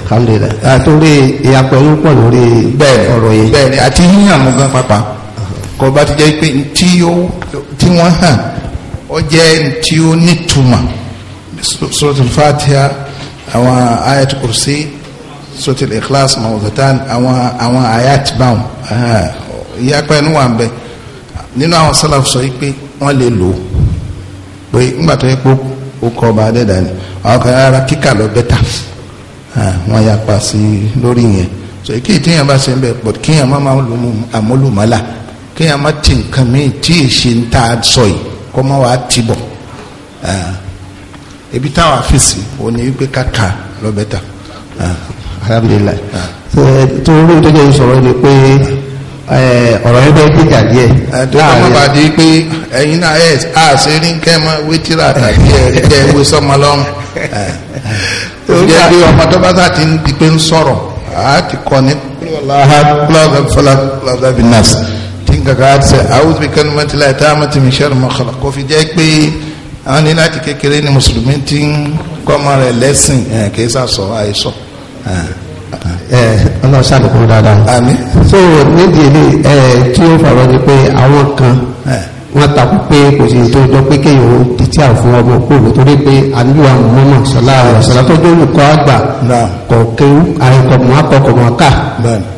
alhamdulilayi àtúndì ìyàpẹ̀ yín pọ̀ lórí ọ̀rọ̀ yìí. bẹ́ẹ̀ni àti yíyan mú gan pàápàá. kó bá ti jẹ́ pé tí wọ́n hàn ó jẹ́ tí ó nítumọ̀ suratul fatiha ayat kursi suratul ikhlas mawudatan àwọn àwọn ayat báwọn ìyapa ẹnu wà bẹ nínú àwọn salaf sọ pé wọ́n lè lò ó pé ńgbà tó yẹ pé ó kọ́ ọba adẹ́dà ni àwọn kan kíkà lọ bẹ́tà wọ́n sí so èkéyìí téèyàn bá ṣe ń bẹ̀ pọ̀ kéèyàn má lò kéèyàn má ti nǹkan míì tí èsì ń ta sọ yìí kó má wàá ti bọ̀ ebi táwa fi si òní wípé kàkà lọ́bẹ̀ ta. alhamdulilayi tó ló ń tọ́jú sọ̀rọ̀ ni pé ọ̀rọ̀ yẹn bẹ́ẹ̀ kíkà díẹ̀. tó kọ́ mọ́ bá di pé ẹ̀yin náà ẹ̀ á ṣe ní kẹ́ mọ́ tàbí ẹ̀ kẹ́ ewé sọ́mọ lọ́rùn. ó ọmọ tó bá sá ti di pé ń sọ̀rọ̀ àá ti kọ́ ní nǹkan kan àti sẹ a'udhu bi kalimati llahi tammati min sharri ma khalaq kò fi jẹ́ pé àwọn ní láti kékeré ni mùsùlùmí ti ń kọ́mọ rẹ̀ lẹ́sìn kì í sàsọ àìsọ. ọlọ́run ṣàlùkù dáadáa. àmín. so nídìí ẹ tí ó fọ̀rọ̀ ni pé àwọn kan wọ́n takú pé kò sí tó jọ pé kéèyàn ó di tí a fún ọmọ kúrò torí pé àníwá mọ́mọ́ sọlá ọ̀sọ̀lá tó jẹ́ olùkọ́ àgbà kọ̀ọ̀kẹ́wù àìkọ̀mọ́ akọ̀kọ̀mọ́ ká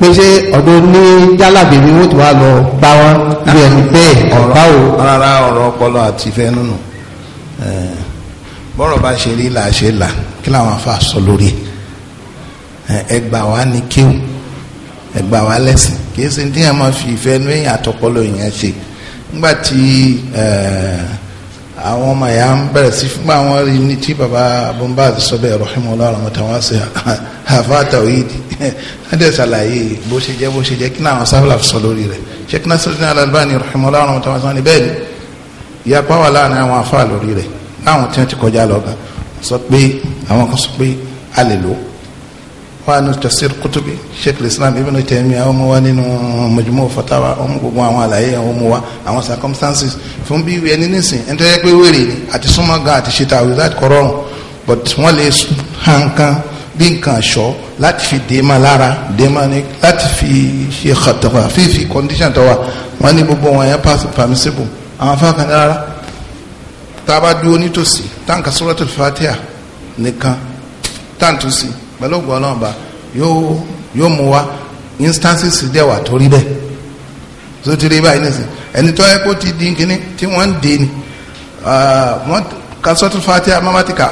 pé ṣé ọ̀dọ́ ní jálàbí ni wọ́n ti wá lọ bá wọn bí ẹni bẹ́ẹ̀ ọ̀pá o. rárá ọ̀rọ̀ ọpọlọ àti ìfẹ́ nínú bọ́rọ̀ bá ṣe rí là ṣe là kí làwọn afa sọ lórí ẹgbà wa ni kéwù ẹgbà wa lẹ́sìn kì nígbà tí àwọn ọmọ ya ń bẹ̀rẹ̀ sí fún àwọn rí ní tí baba bombaz sọ bẹ́ẹ̀ rahimu allah rahmatan wa ṣe àfa tawhid ẹ̀dẹ̀ ṣàlàyé bó ṣe jẹ́ bó ṣe jẹ́ kí náà sáfìlà sọ lórí rẹ̀ ṣé kí náà sọ́dún al-Albani rahimu allah rahmatan wa ṣe bẹ́ẹ̀ ni ìyapa wà láàrin àwọn afa lórí rẹ̀ láwọn tí wọ́n ti kọjá lọ́gàn sọ pé àwọn kan sọ pé a lè lò ó fáànù tafsir kutubi sheikh islam ibn taymiya àwọn ọmọ wa nínú majmu fatawa àwọn gbogbo àwọn àlàyé àwọn ọmọ wa àwọn circumstances fún bí ẹni nísìn ẹni tó yẹ pé wèrè ni àti súnmọ́ gan àti ṣètò àwọn ìlànà kọrọrùn but wọ́n lè hàn kan bí nǹkan ṣọ́ láti fi dèémà lára dèémà ni láti fi ṣe xatafa fífi condition tó wà wọ́n ní gbogbo wọn yẹn pass permissible àwọn afáàkàn rárá tá a bá dúró nítòsí táǹkà suratul fatiha nìkan táǹtòsí pẹ̀lú ògùn ọlọ́run bá yóò yóò mú wa instances dẹ̀ wà torí bẹ́ẹ̀ tó ti rí báyìí nísìn ẹni tó yẹ kó ti di kíní tí wọ́n ń dè ní wọ́n ka sọ́tún fati amamátíkà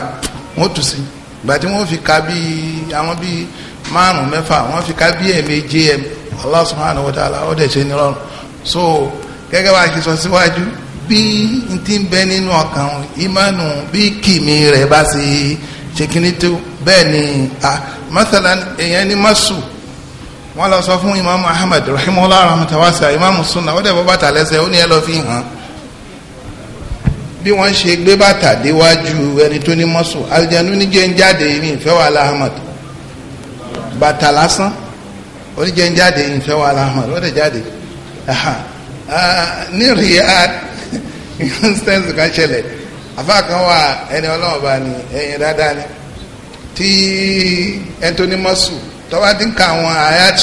wọ́n tù sí ìgbà tí wọ́n fi ka bíi àwọn bíi márùn mẹ́fà wọ́n fi ka bíi ẹ̀ẹ̀mejì ẹ̀ Allah subhanahu wa ta'ala ó dẹ̀ ṣe ní rọrùn so gẹ́gẹ́ bá a ti sọ síwájú bí n ti bẹ nínú ọkàn ìmánu bí kìmí rẹ̀ bá ṣe é ṣe kíní tó bẹ́ẹ̀ ni a masalan èèyàn ní masu wọ́n lọ sọ fún imam ahmed rahimahullah rahmatawasa imam sunna ó dẹ̀ bọ́ bàtà lẹ́sẹ̀ ó ní ẹ lọ fi hàn bí wọ́n ṣe gbé bàtà déwájú ẹni tó ní masu alijanu ní jẹ́ ń ní ìfẹ́ wàhálà bàtà lásán oníjẹ ń jáde ìfẹ́ wa alhamad ó dẹ̀ jáde ah, ní riyad <laughs> instance kan ṣẹlẹ̀ àfáà kan wà ẹni ọlọ́run bá ní ẹ̀yìn dáadáa ni tí Anthony mọ́sù tọ́ba ti ń ka àwọn ayat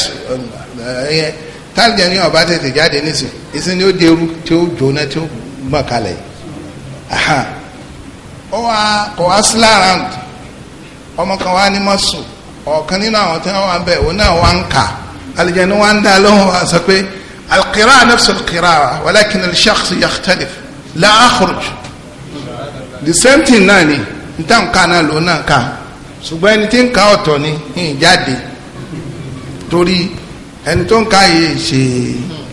ẹ̀yẹ tálíjẹ ní ọba tètè jáde nísìn ìsìn ni ó di eru tí ó jóná tí ó gbọ̀n kalẹ̀ ó wá kò wá sí lárand ọmọ kan wá ní mọ́sù ọ̀kan nínú àwọn tí wọ́n wà ń bẹ̀ òun náà wá ń kà ni wọ́n á ń dá lóhùn wá sọ pé alqira'a nafsu walakin alshakhs yakhtalif la akhruj the same thing náà ni níta ń ka náà ló náà ka ṣùgbọ́n ẹni tí ń ka ọ̀tọ̀ ni ń jáde torí ẹni tó ń ka yìí ṣe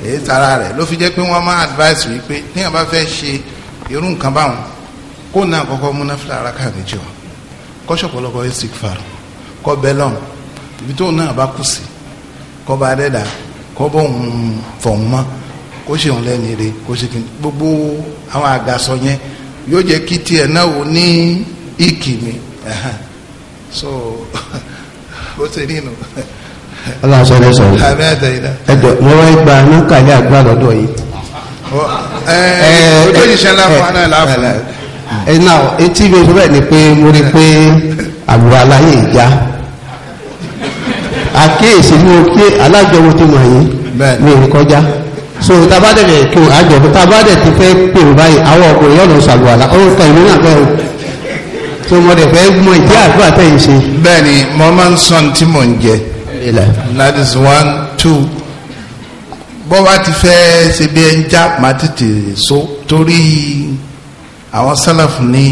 èyí tara rẹ̀ ló fi jẹ́ pé wọ́n máa advice wípé ní àbá fẹ́ ṣe irú nǹkan báwọn kó náà kọ́kọ́ múná fúlà araka méjì wa kọ́ṣọ́ pọ̀lọpọ̀ yìí sick far kọ́ bẹ́lọ̀n ibi tó náà bá kù sí kọ́ bá dẹ́dà kọ́ bọ̀ ń mọ́ kó ṣe òun lẹ́ni rẹ̀ kó ṣe gbogbo àwọn àgàsọ yẹn yóò jẹ́ kí tiẹ̀ náà ò ní ìkì mi so <laughs> bó ṣe nínú. Allah sọ lọ sọ̀rọ̀ ẹ̀dọ̀ mo wá gba nọ́kàlẹ́ àgbà lọ́dọ̀ yìí. ojú ìṣẹ́ ńlá fún aná ìlàfún. ẹ náà etí mi sọ bẹ́ẹ̀ ni pé mo rí i pé àbúrò aláyé ìjà àkíyèsí ni o kí alájọwọ́ tó mọ̀ yín mi ò kọjá so tabadẹ lè kí o àjọ tabadẹ ti fẹ́ pèrò báyìí àwọn ọkùnrin yóò lọ sàlù àlà ó tọ ìlú náà bẹ́ẹ̀ o so mo dẹ̀ fẹ́ mọ ìdí àdúrà tẹ̀ yìí ṣe. bẹ́ẹ̀ni mo máa ń sọ tí mò ń jẹ that is one two bó bá ti fẹ́ ṣe bí ẹ ń já máa tètè so torí àwọn sálàfù ni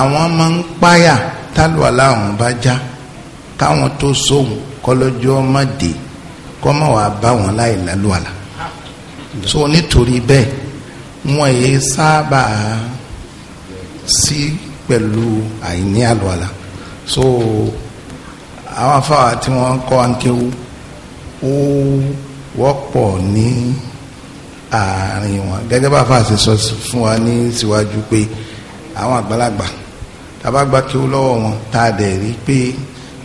àwọn máa ń páyà tálùwà láwọn bá já káwọn tó sóhun kọlọ́jọ́ má dé kọ́ bá wọn láì lálùwàlà so nítorí bẹ́ẹ̀ wọ́n yé sábà sí pẹ̀lú àìní àlùwàlà so àwọn afáwà tí wọ́n kọ́ ankéwu ó wọ́pọ̀ ní àárín wọn gẹ́gẹ́ bá fà ṣe sọ fún wa ní síwájú pé àwọn àgbàlagbà tàbágbà kí ó lọ́wọ́ wọn tá a dẹ̀ rí pé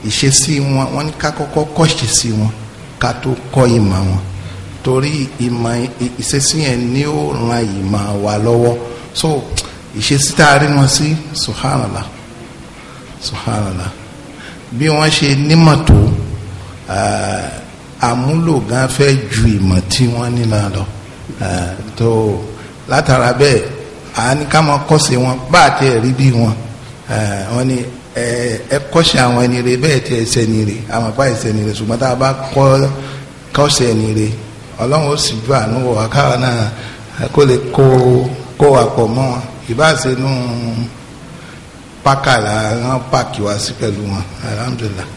ìṣesí wọn wọn ká kọ́kọ́ kọ́ ìṣesí wọn ká tó kọ́ ìmọ̀ wọn torí ìmọ̀ ìṣesí yẹn ni ó ran ìmọ̀ wa lọ́wọ́ so ìṣesí tá a rí wọn sí subhanallah subhanallah bí wọ́n ṣe nímọ̀ tó àmúlò gan fẹ́ ju ìmọ̀ tí wọ́n ní náà lọ tó látara bẹ́ẹ̀ à ní ká máa kọ́sẹ̀ wọn bá a tẹ̀ rí bí wọn wọn ni ẹ kọ́sẹ̀ àwọn ẹni rẹ bẹ́ẹ̀ tẹ̀ ẹsẹ̀ ni rẹ àwọn apá ẹsẹ̀ ni rẹ ṣùgbọ́n tá a bá kọ́sẹ̀ ni rẹ ọlọ́run ó sì ju àánú wọ̀ káwa náà kó lè kó kó wa pọ̀ mọ́ wọn ìbáṣe nù pákàlà wọn pààkì wá sí pẹ̀lú wọn alhamdulilah.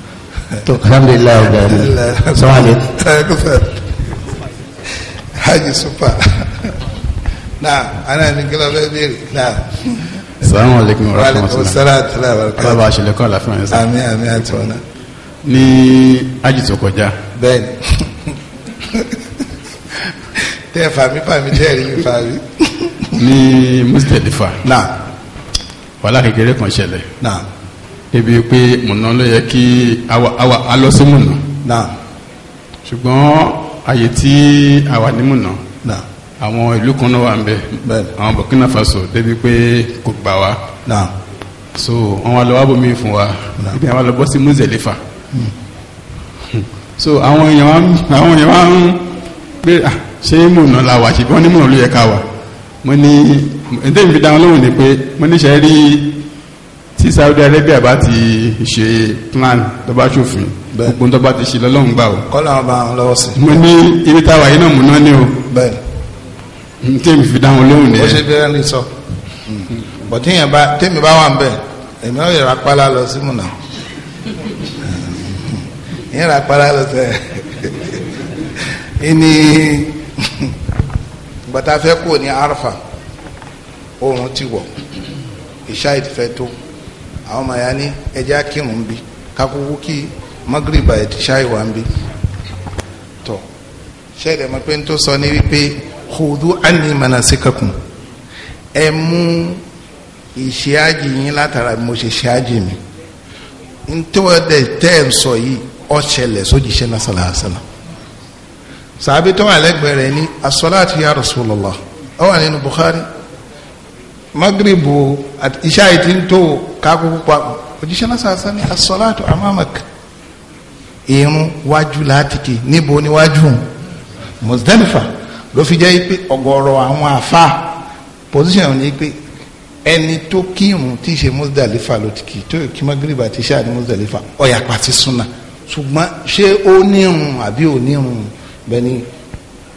tó alhamdulilah ọgbà mi sọ́wọ́n hajj super naa ana ni kila bẹ biri naa. salamu aleykum wa rahmatulah. salaam aleykum wa rahmatulah. ala b'a ṣẹlẹ̀ kọ́ àlàáfíà yẹn sọ. àmín àmín àti wọn. hajj tó kọjá. bẹ́ẹ̀ni tẹ fàmí fàmí tẹ rí mi fàmí. ní Muzdalifa. na. wàhálà kékeré kan ṣẹlẹ̀. na. ebi pé mùnà ló yẹ kí awa awa alọ́sí mùnà. na. ṣùgbọ́n àyè tí àwa ní mùnà. na. àwọn ìlú kan náà wà ń bẹ. àwọn Burkina Faso débi pé kò gbà wá. na. so wọn wá lọ wá bomi fún wa. na ibi àwọn lọ bọ́ sí Muzdalifa. Hmm. so àwọn èèyàn àwọn èèyàn wá ń pé à ah, ṣé mò ń la wà ṣùgbọ́n ní mò ń lu yẹ ká wà mo ní ẹ̀dẹ́ mi fi dáhùn lóhùn ni pé mo ní ṣe rí tí Saudi Arabia bá ti ṣe plan tó bá ṣòfin gbogbo tó bá ti ṣe lọ́lọ́run gbà o. kọ́lá ọba àwọn lọ́wọ́ sí. mo ní ibi táwa yìí náà mú náà ní o. bẹ́ẹ̀ ni tèmi fi dáhùn lóhùn ni. ó ṣe bẹ́ẹ̀ ní sọ bọ̀dé yẹn bá tèmi bá wà ń bẹ̀ èmi ò yẹra pálá lọ sí mùnà ìyẹn pálá lọ sẹ́yìn ẹni gbàtà <laughs> fẹ́ kó ní arfa oòrùn ti wọ̀ ìṣá ìtìfẹ́ tó àwọn ọmọ ya ní ẹjẹ́ akírun ń bí kakuku kí magriba ìṣá ìwà ń bí tọ̀ ṣẹ́ẹ̀dẹ̀ mọ́ pé ń tó sọ ní wípé khudu anni manasikakum ẹ mú ìṣe ájì yín látara mo ṣe ṣe ájì mi ntọ́wọ́dẹ̀ tẹ́ ẹ̀ sọ yìí ó ṣẹlẹ̀ sójì ṣẹ́ náà sàlàsàlà sàbí tó wà lẹ́gbẹ̀ẹ́ rẹ̀ ní asọ́láàtì ya Rasulullah ó wà nínú Bukhari magribu iṣẹ́ àìtí tó kákó púpọ̀ òjíṣẹ́ náà sàásá ní asọ́láàtì amamak irun wájú látìkì níbo níwájú Muzdalifa ló fi jẹ́ pé ọ̀gọ̀rọ̀ àwọn àfa position ni pé ẹni tó kírun tí í ṣe Muzdalifa ló ti kì tó kí magribu àti iṣẹ́ àti Muzdalifa ó yapa súnà ṣùgbọ́n ṣé ó nírun àbí ò nírun bẹ́ẹ̀ ni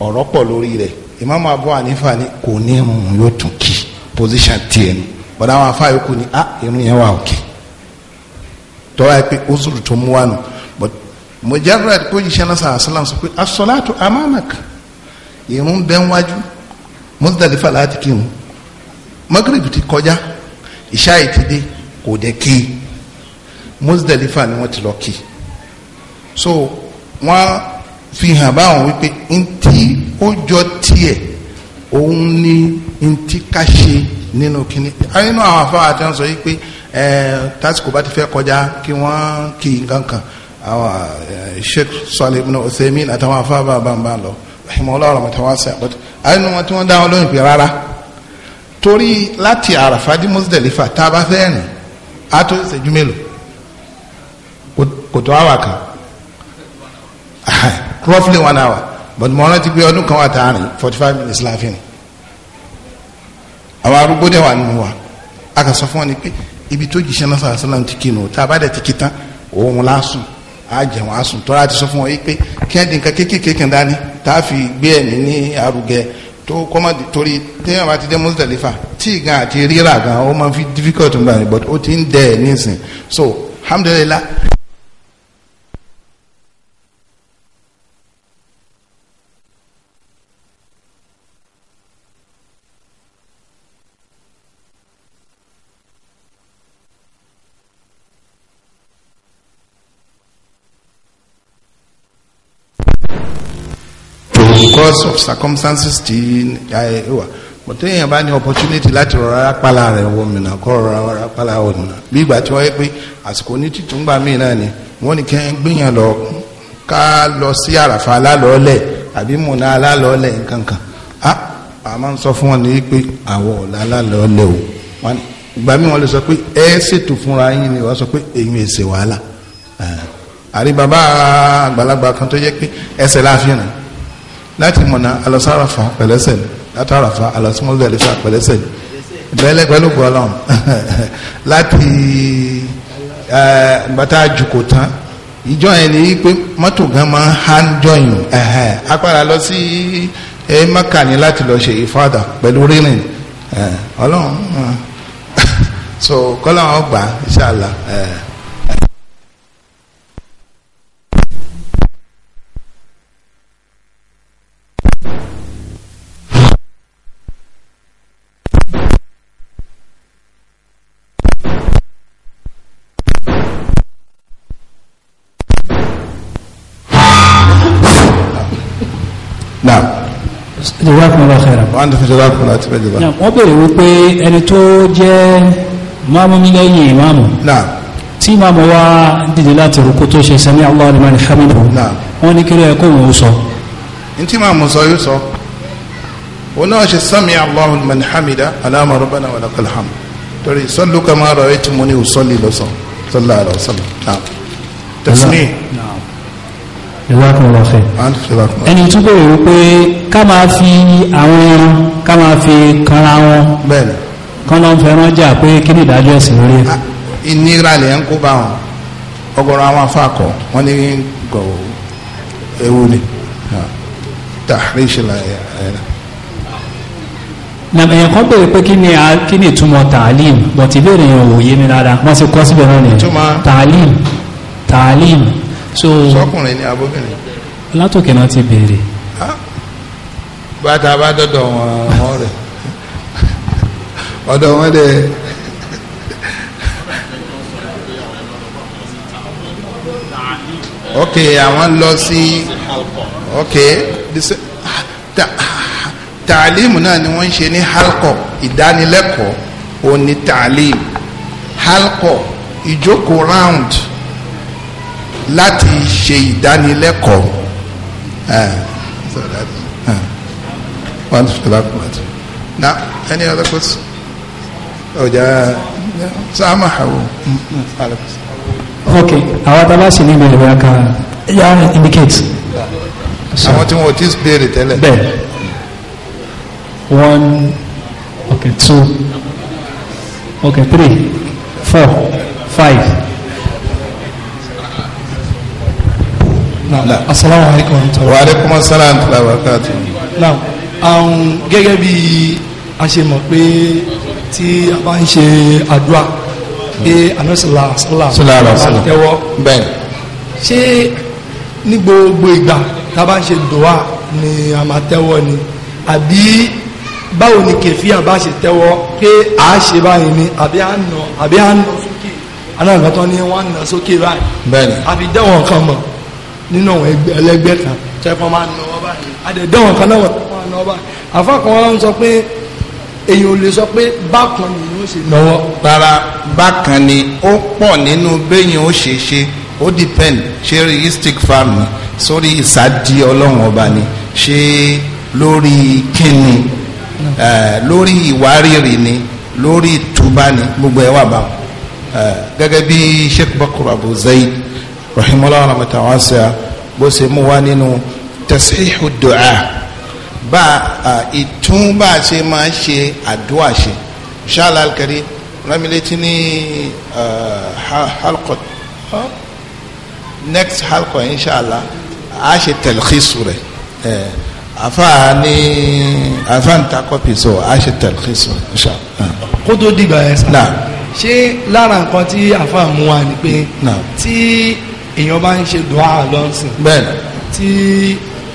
ọ̀rọ̀ pọ̀ lórí rẹ̀ Imam Abu Hanifa ni kò ní irun yóò tún kí position tiẹ̀ nu bọ́dá àwọn afá yòókù ni ah irun yẹn wà òkè tọ́wá yẹ pé ó sòrò tó mú wa nù but mujarrad kó jíṣẹ́ náà sàrà sàlám sọ pé as-salatu amamak irun bẹ́ẹ̀ wájú Muzdalifa láti kírun Maghrib ti kọjá ìṣá yìí ti dé kò dé kí Muzdalifa ni wọ́n ti lọ kí so wọ́n fi hàn báwọn wípé ntí ó jọ tiẹ̀ òun ni ntí ká ṣe nínú kíní nínú àwọn afáwà tí wọn sọ yìí pé tásìkò bá ti fẹ́ kọjá kí wọ́n kí nǹkan àwọn Sheikh Salih ibn àtàwọn afáwà bá ń bá lọ rahimahullah rahmatawasi'a but àyínú wọn tí wọ́n dá wọn lóyún pé rárá torí láti Àràfá dé Muzdalifa tá a bá fẹ́ rìn á tó ìṣẹ́jú mélòó kò tó àwà kan roughly one hour but mo rántí pé ọdún kan wà tààrin forty five minutes láàfin ni àwọn arúgbó dẹ̀ wà nínú wa a kà sọ fún wọn ni pé ibi tó jìṣẹ́ náà sọ̀rọ̀ sọ́lá ti kinu tá a bá dẹ̀ ti kí tán òun la sùn a jẹun a sùn tọ́ra ti sọ fún wọn yìí pé kí ẹ̀ dín nǹkan kéékèèké kan dání tá a fi gbé ẹ̀mí ní arugẹ tó kọ́mọ torí téèyàn bá ti dé Muzdalifa tí gan àti rírà gan ó máa fi difficult gbà ní but ó ti ń dẹ̀ ẹ̀ nísìn so alhamdulilah because of circumstances ti ẹ eh, wà but èèyàn bá ní opportunity láti rọra pàlà rẹ̀ wọ mìíràn kọ́ rọra pàlà wọ mìíràn bí ìgbà tí wọ́n yẹ pé àsìkò ní títún gbà mí náà ni wọ́n ní kẹ́ ń gbìyàn lọ ká lọ sí àràfà alálọ́ọ̀lẹ̀ àbí múna alálọ́ọ̀lẹ̀ nkankan a a máa ń sọ fún wọn ní pé àwọ̀ ọ̀la alálọ́ọ̀lẹ̀ o wọn ìgbà mí wọn lè sọ pé ẹ ṣètò fúnra yín ni wọ́n sọ pé èyí èsè wàhálà àrí bàbá àgbàlagbà kan tó yẹ pé ẹsẹ̀ láàfin rẹ̀ láti mọ̀nà alọ́sàràfà pẹ̀lẹ́sẹ̀ látàràfà alọ́sàmọ́sẹ̀lẹ́fà pẹ̀lẹ́sẹ̀ bẹ́lẹ̀ pẹ̀lú gbọ́lọ́m <laughs> láti bàtà àjùkò tán ìjọ yẹn ni pé mọ́tò gan máa ń há ń jọyìn apára lọ sí maka ni láti lọ ṣe ìfọ́dà pẹ̀lú rírìn ọlọ́run <laughs> so kọ́lá wọn gbà jazakumullahu khairan. wọ́n á ti fi jazakumullahu láti fẹ́ jẹba. wọ́n béèrè wípé ẹni tó jẹ́ máàmù mi lẹ́yìn ìmáàmù. tí máàmù wa dìde láti rúkú tó ṣe sami Allahu liman hamidahu. wọ́n ní kí ló yẹ kó wọ́n sọ. n tí máàmù sọ yóò sọ wọn náà ṣe sami Allahu liman hamida alama rabbana wa lakal hamd torí sallu kama ra'aytumuni usalli lọ́sàn sallallahu alaihi wasallam. tasmi ìwákùnlọ fẹ́ ẹni tún bèèrè wípé ká máa fi àwọn ẹran ká máa fi kanra wọn kọ́nà ń fẹ́ràn jà pé kí ni ìdájọ́ ẹ̀sìn lórí ẹ̀. Ah, ìnira lè ń kó bá wọn ọ̀gọ̀rọ̀ àwọn afáàkọ wọn ní gọ ewu ni ah, tahrish la ẹ̀rọ. Eh, eh. na ẹ̀yàn kan bèèrè pé kí ni kí ni ìtumọ̀ taalim bọ̀tí ìbéèrè yẹn ò mi rárá wọ́n ti kọ́ síbẹ̀ náà nìyẹn taalim taalim so sọkùnrin ni abóbìnrin. látòkè náà ti béèrè. bàtà bá dọ̀dọ̀ wọn wọn rẹ̀ ọ̀dọ̀ wọn dẹ̀. ok àwọn lọ sí ok tàlímù náà ni wọ́n ń ṣe ní halkọ̀ ìdánilẹ́kọ̀ọ́ òní tàlímù halkọ̀ ìjókòó round láti ṣe ìdánilẹ́kọ̀ọ́ na any other question ọjà sáàmà àwọ ok àwọn tá a bá sì ní ìbéèrè bóyá ká yà indicate. àwọn tí wọn ò tí ì béèrè tẹ́lẹ̀. bẹ́ẹ̀ one okay two okay three four five. náà asalaamu alaykum wa rahmatulah. wa aleykum asalaam wa rahmatulah. náà àwọn gẹ́gẹ́ bí a ṣe mọ̀ pé tí a bá ń ṣe àdúrà pé anasala asala asala tẹwọ́ bẹ́ẹ̀ ṣé ní gbogbo ìgbà tá a bá ń ṣe dùwà ni a máa tẹwọ́ ni àbí báwo ni kèfíà bá ṣe tẹwọ́ pé a ṣe báyìí ni àbí a nà àbí a nà sókè aláǹgbàtọ́ ni wọ́n á nà sókè báyìí àbí dẹ́wọ̀n kan mọ̀ nínú àwọn ẹgbẹ́ kan tẹ́fọ́n máa ń ọba yìí àdẹ̀dẹ́wọ̀n kan náà wọ́n máa ń nà ọba àfa kan wọn sọ pé èyí ò lè sọ pé bákan ni yóò ṣe náwó. rárá bákan ni ó pọ̀ nínú béèyàn ó ṣe ṣe ó depend ṣé realistic farm ni sórí ìsádi ọlọ́run ọba ni ṣé lórí kíni lórí ìwárìrì ni lórí ìtúbá ni gbogbo ẹ̀ wà báwọn gẹ́gẹ́ bí Sheikh Bakr Abu Zaid rahimahulah ramata wansa bó ṣe mú wá nínú tasihu du'a bá ìtún bá a ṣe máa ṣe àdúrà ṣe ṣáàlà alikari ramileti ní halkot next halkot inshallah a ṣe talxisu rẹ afa ni afa n ta kọpi so a ṣe tẹlifí so ṣá. kó tó dìgbà yẹn sá. ṣé lára nǹkan tí afa mú wa ni pé tí èèyàn bá ń ṣe dùá lọ́sìn. bẹ́ẹ̀ni. tí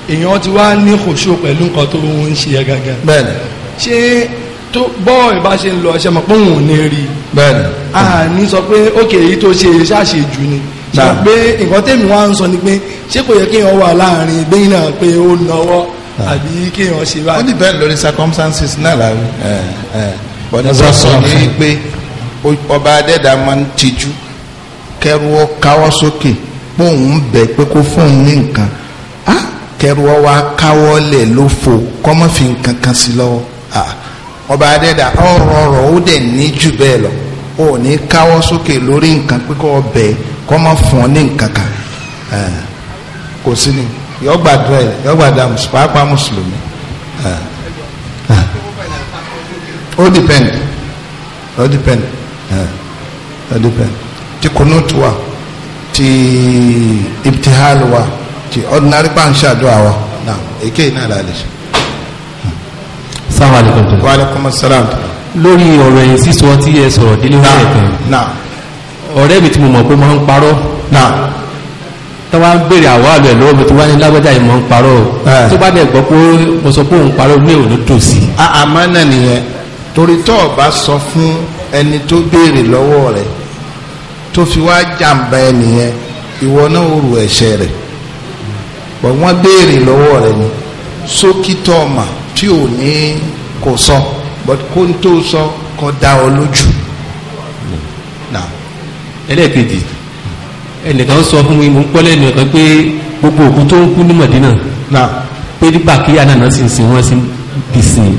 èèyàn ti wá ní kòṣó pẹ̀lú nǹkan tó ń ṣe yẹ gángan. bẹ́ẹ̀ni. ṣé tó bọ́ọ̀ bá ṣe ń lọ ṣe mọ̀ pé òun ò ní rí. bẹ́ẹ̀ni. a ní sọ pé ókè èyí tó ṣe ṣáṣe jù ni. ṣe pé nǹkan tèmi wá ń sọ ni pé ṣé kò yẹ kí èèyàn wà láàrin gbẹ̀yìn náà pé ó náwó àbí kí èèyàn ṣe báyìí. ó ní bẹ́ẹ̀ lórí circumstances náà láàrin. bọ́dọ̀ sọ ní pé ọba adẹ́dàá máa ń tijú kẹ́rù káwọ́ sókè. So póun bẹ̀ pé kó fóun ní nǹkan á kẹrù ọwọ́ akáwọ́lẹ̀ ló fo kọ́mọ́fì nǹkan kan sí lọ́wọ́ ọba adẹ́dà ọ̀rọ̀ ọ̀rọ̀ ó dẹ̀ ní jù bẹ́ẹ̀ lọ ó ní káwọ́ sókè lórí nǹkan pé kọ́ bẹ̀ kọ́mọ́ fún ọ ní nǹkan kan kò sí ni yọ gbàdúrà yẹ yọ gbàdúrà pàápàá mùsùlùmí ó dìpẹ́ndì ó dìpẹ́ndì ó dìpẹ́ndì tí kò ní ó tu wà ti ibtihal wa ti ordinary bank ṣàdúrà awa náà èké náà la lè ṣe. sáwọn alaikum tó. wa alaikum salaam. lórí ọ̀rọ̀ ẹ̀yìn sísọ tí ẹ sọ̀rọ̀ délé wọ́n rẹ̀ kan. náà ọ̀rẹ́ mi tí mo mọ̀ pé máa ń parọ́. náà tọ́wá ń béèrè àwọ̀ àbẹ̀ lọ́wọ́ mi tó wá ní lágbájá ìmọ̀ ń parọ́ tó bá dẹ̀ gbọ́ pé mo sọ pé òun parọ́ mi ò ní tòsí. àmọ́ náà nìyẹn torí tọ́ọ̀ bá sọ fún ẹni tó béèrè lọ́wọ́ rẹ̀ tó fi wá jàǹbá ẹnìyẹn ìwọ náà ó ru ẹ̀ṣẹ̀ rẹ̀ bọ̀ wọ́n béèrè lọ́wọ́ rẹ̀ ni sókítọ̀ ọmọ tí ò ní kò sọ but kó n tó sọ kó dá ọ lójú. ẹlẹ́ẹ̀kejì ẹnìkan sọ fún mi mo ń pọ́ lẹ́nu ẹ̀kan pé gbogbo òkú tó ń kú ní Mọ̀dínà pé nígbà kí ànànà sì ń sin wọ́n sí bìsìn.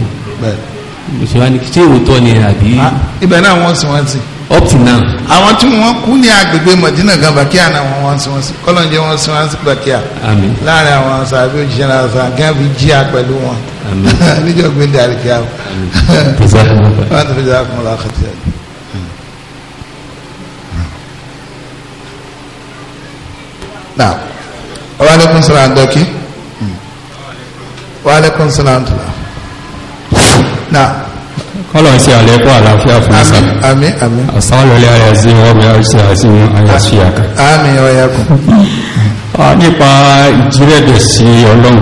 ṣé òótọ́ ni àbí. Ah, ibẹ̀ náà wọ́n sin wọ́n sí up to now. àwọn tí wọ́n kú ní agbègbè Madina gan bàkíyà náà wọ́n wọ́n sí wọ́n sí kọ́lọ́n jẹ́ wọ́n sí wọ́n sí bàkíyà. àmín. láàrin àwọn sàbí òjijì náà sàn kí wọ́n fi jí a pẹ̀lú wọn. àmín. <laughs> níjọ́ gbé ní àríkíyà. àmín. wọ́n ti fi jà kún lọ́kàn tí a. naa waaleykum salaam dọ́kí. Hmm. waaleykum salaam tula. naa kọ́lọ̀ sí àlẹ́kọ́ àlàáfíà fún ìsà àmín àmín àsánlọ́lẹ́ àyàzí ọmọ àrísí àti àyàsí àkà àmín ọyàkùn nípa ìjírẹ̀dẹ̀ sí ọlọ́run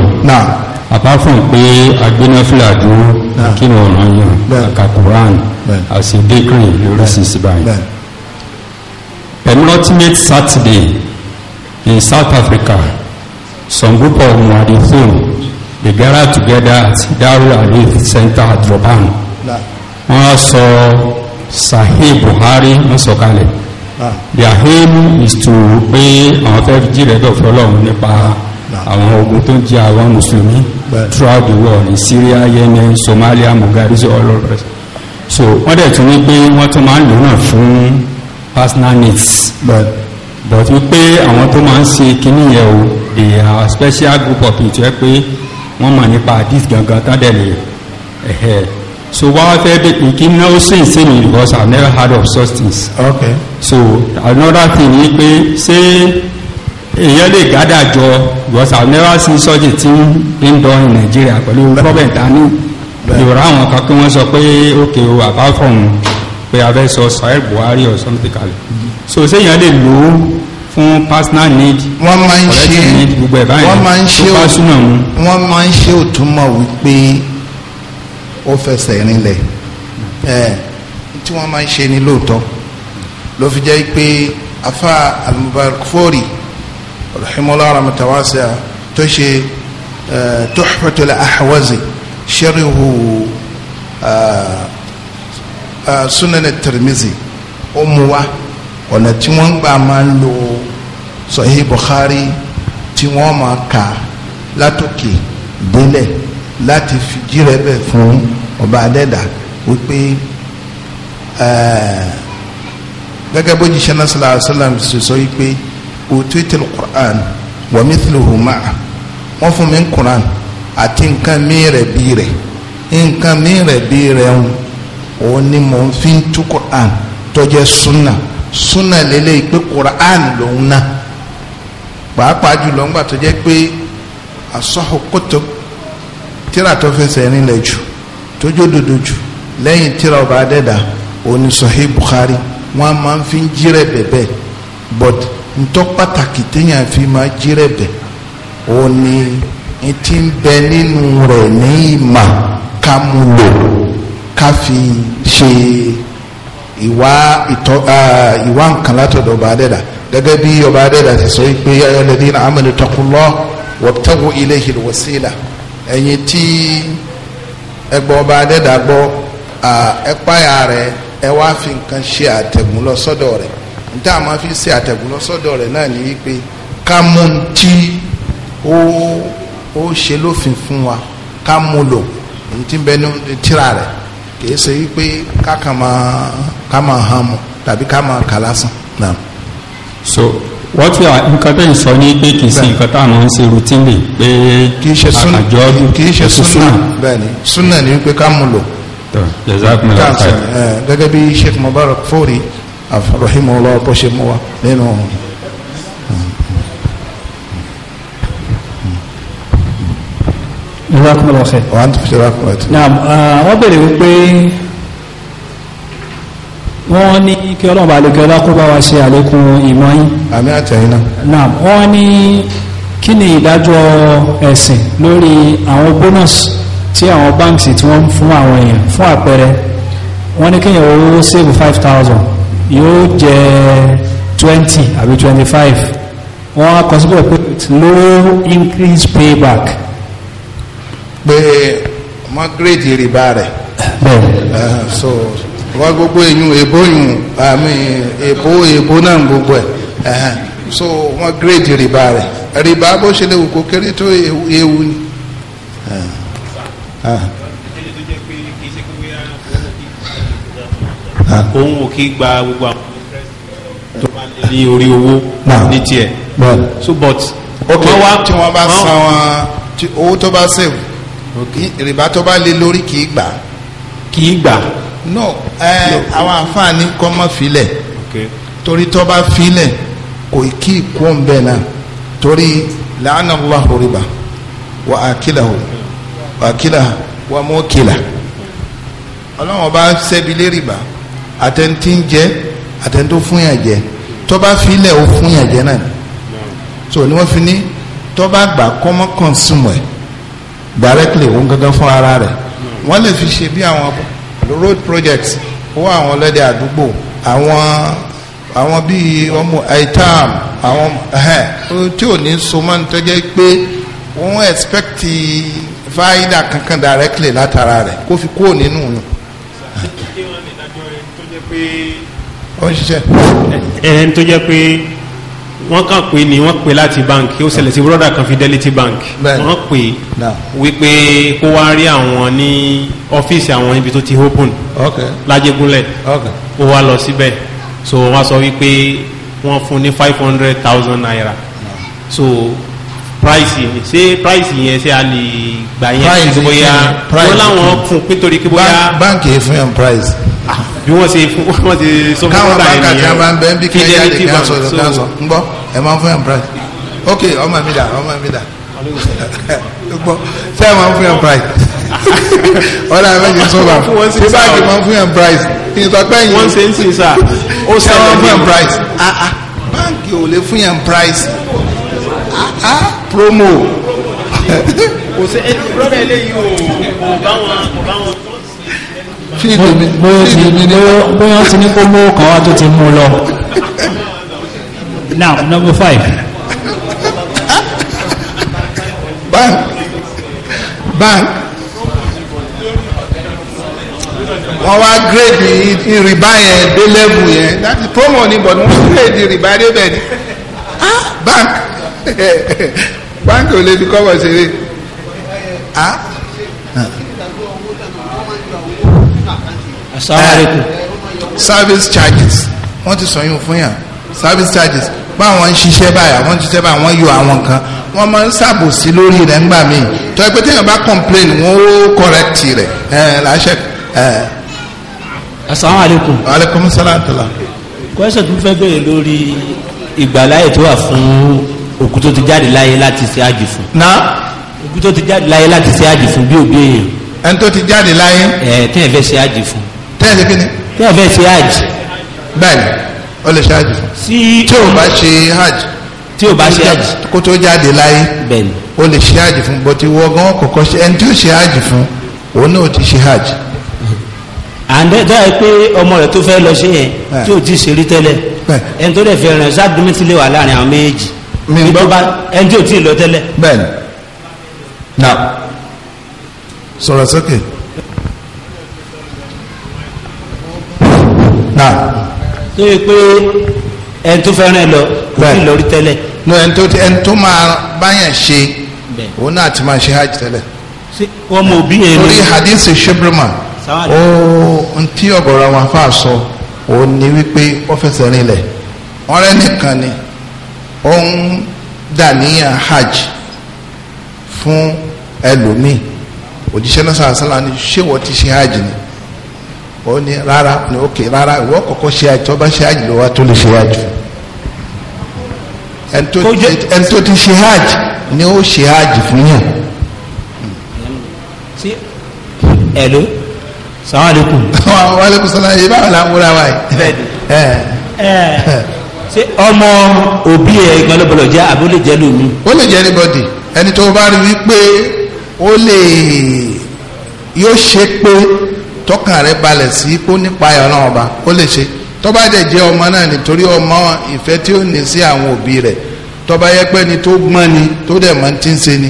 àbá fún pé agbénáfíà dúró kí ni ọ̀nà yàn àkàkùrán àti dékìrì lóríṣiríṣi báyìí penultimate Saturday in South Africa some group of muadithun they gather together at Darul Hadith Center at Durban wọ́n sọ Sahib Buhari wọ́n sọ kalẹ̀ ah. their aim is to pé àwọn fẹ́ jí rẹ̀ dọ̀fọ́ lọ́hùn nípa ah. àwọn ogun tó ń jẹ àwọn mùsùlùmí throughout the world ní Syria Yemen Somalia Mogadishu all over so wọ́n dẹ̀ tún ní pé wọ́n tún máa ń lò náà fún personal needs but wípé àwọn tó máa ń ṣe kínní yẹn o they are special group of people tó yẹ pé wọ́n mọ̀ nípa àdìs gangan tán dẹ̀ lè so wọ́n fẹ́ bẹ̀ pé kí ní ó sì mi because i never heard of such things. okay. so another thing ni pé ṣé èèyàn lè gádà jọ because i never seen such a thing been done in Nigeria pẹ̀lú problem dání yorùbá àwọn kan kí wọ́n sọ pé okay o apart from pé a fẹ́ sọ Sahel Buhari or something kalẹ̀ so ṣé èèyàn lè lò ó fún personal need wọ́n máa ń ṣe wọ́n máa ń ṣe òtúmọ̀ wípé ó fẹsẹ̀ rinlẹ̀ ẹ̀ tí wọ́n máa ń ṣe ní lóòótọ́ ló fi jẹ́ pé afa al-Mubarakfori rahimahullah rahmatawasa tó ṣe tuhfatul ahwazi sharihu sunan tirmizi ó mu wá ọ̀nà tí wọ́n gbà máa ń lo sahih Bukhari tí wọ́n máa kà látòkè délẹ̀ láti fi jírẹ́bẹ̀ fún ọba adẹ́dà wípé eh, gẹ́gẹ́ bó jíṣẹ́ náà sallallahu alaihi wasallam ṣe sọ wípé utitul Qur'an wa mithluhu ma'a wọ́n fún mi ń Qur'an àti nǹkan mí rẹ̀ bí rẹ̀ nǹkan mí rẹ̀ bí rẹ̀ ń òun ni mò ń fi ń tú Qur'an tó jẹ́ súnà súnà lélẹ́yìí pé Qur'an lòun náà pàápàá jùlọ ńgbà tó jẹ́ pé asọ́hùn kutub tíra fẹsẹ̀ rinlẹ̀ jù tójú òdodo jù lẹ́yìn tíra ọba adẹ́dà òní sọ̀hí Bukhari wọ́n máa ń jírẹ̀ bẹ̀bẹ̀ but ntọ́ pàtàkì téèyàn fi máa jírẹ̀ bẹ̀ òní ti ń bẹ nínú rẹ̀ ní ìmà ká mú lò ká fi ṣe ìwà ìtọ́ ìwà nǹkan látọ̀dọ̀ ọba adẹ́dà gẹ́gẹ́ bí ọba adẹ́dà ti sọ pé ayọ̀lẹ́dínà amanu taqullah wabtagu ilayhi alwasila tí. ẹgbọ́ ọba adẹ́dàgbọ́ ẹpáyà rẹ ẹ wá fi nǹkan ṣe àtẹ̀gùn lọ sọ́dọ̀ rẹ̀ níta àmọ́ fi ṣe àtẹ̀gùn lọ sọ́dọ̀ rẹ̀ náà ní wípé ká mú un tí ó ó ṣe wa ká mú lò ní ti bẹ ní tíra rẹ̀ kì í ṣe wípé ká kàn máa ká máa hàn wọ́n ti nǹkan tẹ́ ń sọ ní pé kì í sí nǹkan tá à máa ń ṣe rutini pé àjọ kì í ṣe súnà bẹ́ẹ̀ ni súnà ni wípé ká mú lò gẹ́gẹ́ bí Sheikh Mubarak Fori rahimahullah bó ṣe mú wa nínú ìwákùnrin ọ̀sẹ̀. wọ́n bèrè wípé wọ́n ní kí ọlọ́ọ̀bà àlekẹ́lá kó bá wa ṣe àlékún ìmọ̀ yín. àmì àtẹ̀yìn náà. wọ́n ní kí ni ìdájọ́ ẹ̀sìn lórí àwọn bonus tí àwọn báńkì tí wọ́n ń fún àwọn èèyàn fún àpẹẹrẹ wọ́n ní kéèyàn owó save five thousand yóò jẹ twenty àbí twenty five wọ́n á kọ síbẹ̀ pé low increase payback. pé wọ́n gírèdì rìbá rẹ̀. bẹ́ẹ̀ so wọ́n gbogbo eyín èbó yùn àmì èbó èbó náà gbogbo ẹ̀ so wọ́n gírèdì rìbá rẹ̀ rìbá bó ṣe lè wù kó kéré tó ewu ni. Ah. òun ò kí gba gbogbo àwọn tó bá lè ní orí owó ní tiẹ̀ so but ok tí wọ́n bá san wọn owó tó bá sèwù rìbá tó bá lè lórí kì í gbà. kì í gbà no ẹ àwọn àǹfààní kọ́ mọ́ filẹ̀ torí tó bá filẹ̀ kò kí kú ń bẹ̀ náà torí la'ana Allahu riba wa akilahu wa akilahu wa mokila ọlọ́wọ́n bá sẹ́bi lé rìbá àtẹ̀ntì ń jẹ́ àtẹ̀ntì ó fún yàn jẹ tó bá filẹ̀ ó fún yàn jẹ náà so ni wọ́n fi ní tó bá gbà kọ́mọ́ consumer directly òun gangan fún ara rẹ̀ wọ́n lè fi ṣe bí àwọn ọkọ̀ road projects fún àwọn ọlọ́dẹ àdúgbò àwọn àwọn bíi ọmọ itam àwọn tí ò ní so máa ń tọ́jẹ́ pé wọ́n expect fáyidà kankan directly látara rẹ̀ kó fi kúrò nínú yìí. ó ń ṣiṣẹ́. ẹni tó jẹ́ pé wọ́n kàn pé ni wọ́n pè láti bank ó ṣẹlẹ̀ sí broda kan fidelity bank wọ́n pè é wípé kó wá rí àwọn ní ọ́fíìsì àwọn ibi tó ti open lájẹgúnlẹ̀ ó wá lọ síbẹ̀ so wọ́n sọ wípé wọ́n fún ní five hundred thousand naira so price ni ṣé price yẹn ṣe a lè gbà yẹn kí bóyá wọn làwọn fún nítorí kí bóyá. báńkì yìí fún yẹn price. Ah, bí wọ́n ṣe fún <laughs> wọ́n ṣe sọ fún wọn báyìí nìyẹn. káwọn báńkì àti àwọn bẹ́ẹ̀ bí kí lè kí wọ́n sọ ẹ̀ máa fún yẹn price. ok ọmọ mi dà ọmọ mi dà gbọ́ ṣé ẹ máa ń fún yàn price ọ̀rẹ́ àwọn ẹ̀jẹ̀ sọ́ba ṣé báàgì máa ń fún yàn price kí ni tọ́pẹ́ yìí wọ́n ṣe ń sìn sá ó ṣe máa ń fún yàn price báàgì ò lè fún yàn price promo. kò sí now number five. ban ban wọ́n wá gírèdì ìrìbá yẹn dé lẹ́bù yẹn láti promo ni bọ̀ ni wọ́n gírèdì ìrìbá débẹ̀ ni ah bank bank ò lè fi kọ́bọ̀ ṣeré ah. asalaamualeykum eh, service charges wọ́n ti sọ yín fún yàn service charges báwọn ń ṣiṣẹ́ báyìí àwọn ń ṣiṣẹ́ báyìí wọ́n yọ àwọn nǹkan wọ́n máa ń ṣàbòsí lórí rẹ̀ ńgbà míì tó ẹgbẹ́ téèyàn bá complain wọ́n ó correct rẹ̀ ẹ̀ láṣẹ. asalaamualeykum. aleykum salaam tala. kwẹ́sọ̀ tún fẹ́ bẹ̀rẹ̀ lórí ìgbàláyè tó wà fún òkú tó ti jáde láyé láti ṣe àjì fún. na. òkú tó ti jáde láyé láti ṣe àjì fún bí òbí èèyàn. ẹni tó ti jáde láyé. ẹ tẹ́yẹ̀ fẹ́ ṣe àjì fún. tẹ́yẹ̀ fẹ́ ni. tẹ́yẹ̀ fẹ́ ṣe àjì. bẹ́ẹ̀ni ó lè ṣe àjì fún sí. tí o bá ṣe hajj. tí o bá ṣe hajj. kó tó jáde láyé. bẹ́ẹ̀ni. o lè ṣe hajj fún bọ́tí wọ́gán kọ̀ọ̀kan ṣe ẹni tí o ṣe hajj fún òun náà ti ṣe hajj. àǹdẹ́ tó yẹ pé ọmọ rẹ̀ tó fẹ́ lọ sí yẹn eh. tí o ti ṣe tẹ́lẹ̀ eh. ẹni tó dẹ̀ fẹ́ rẹ̀ ṣáàdúmí ti lè wà láàrin àwọn méjì. ẹni tí o ti lọ tẹ́lẹ̀. bẹ́ẹ̀ni na sọ̀rọ̀ sókè. na. tó yẹ pé ẹni tó fẹ́ràn lọ kò sí lórí tẹ́lẹ̀. no ẹni tó ẹni tó máa báyàn ṣe òun náà ti máa ṣe hajj tẹ́lẹ̀. wọ́n mọ òbí yẹn. torí hadith shebrima ó ntí ọ̀gọ̀rọ̀ àwọn afa sọ òun ni wípé ó fẹsẹ̀ rinlẹ̀ wọ́n rẹ́ nìkan ni ó ń dà níyàn hajj fún ẹlòmíì òjíṣẹ́ náà sàásàlá ni ṣé wọ́n ti ṣe hajj ni. ó ní rárá ní òkè rárá ìwọ kọ́kọ́ ṣe àjò ọba ṣe àjò ló tó lè ṣe àjò ẹni tó ti ṣe hajj ni ó ṣe hajj fún yàn. ẹ̀ló salaam aleykum. <laughs> wa aleykum salaam yìí báwo la ń wúra wa yìí. ṣé <laughs> eh. eh. ọmọ òbí ẹ gbọ́dọ̀gbọ́dọ̀ jẹ́ àbí ó lè jẹ́ lómi. ó lè jẹ́ anybody ẹni tó bá rí wípé ó lè yóò ṣe pé tọkàn rẹ balẹ̀ sí kó nípa ẹ̀ ọ̀nà ọba ó lè ṣe tọ́ba dẹ̀ jẹ́ ọmọ náà nítorí ọmọ ìfẹ́ tí ó ní sí àwọn òbí rẹ̀ tọ́ba yẹ pé ni tó gbọ́n ni tó dẹ̀ mọ́ ti ń ṣe ni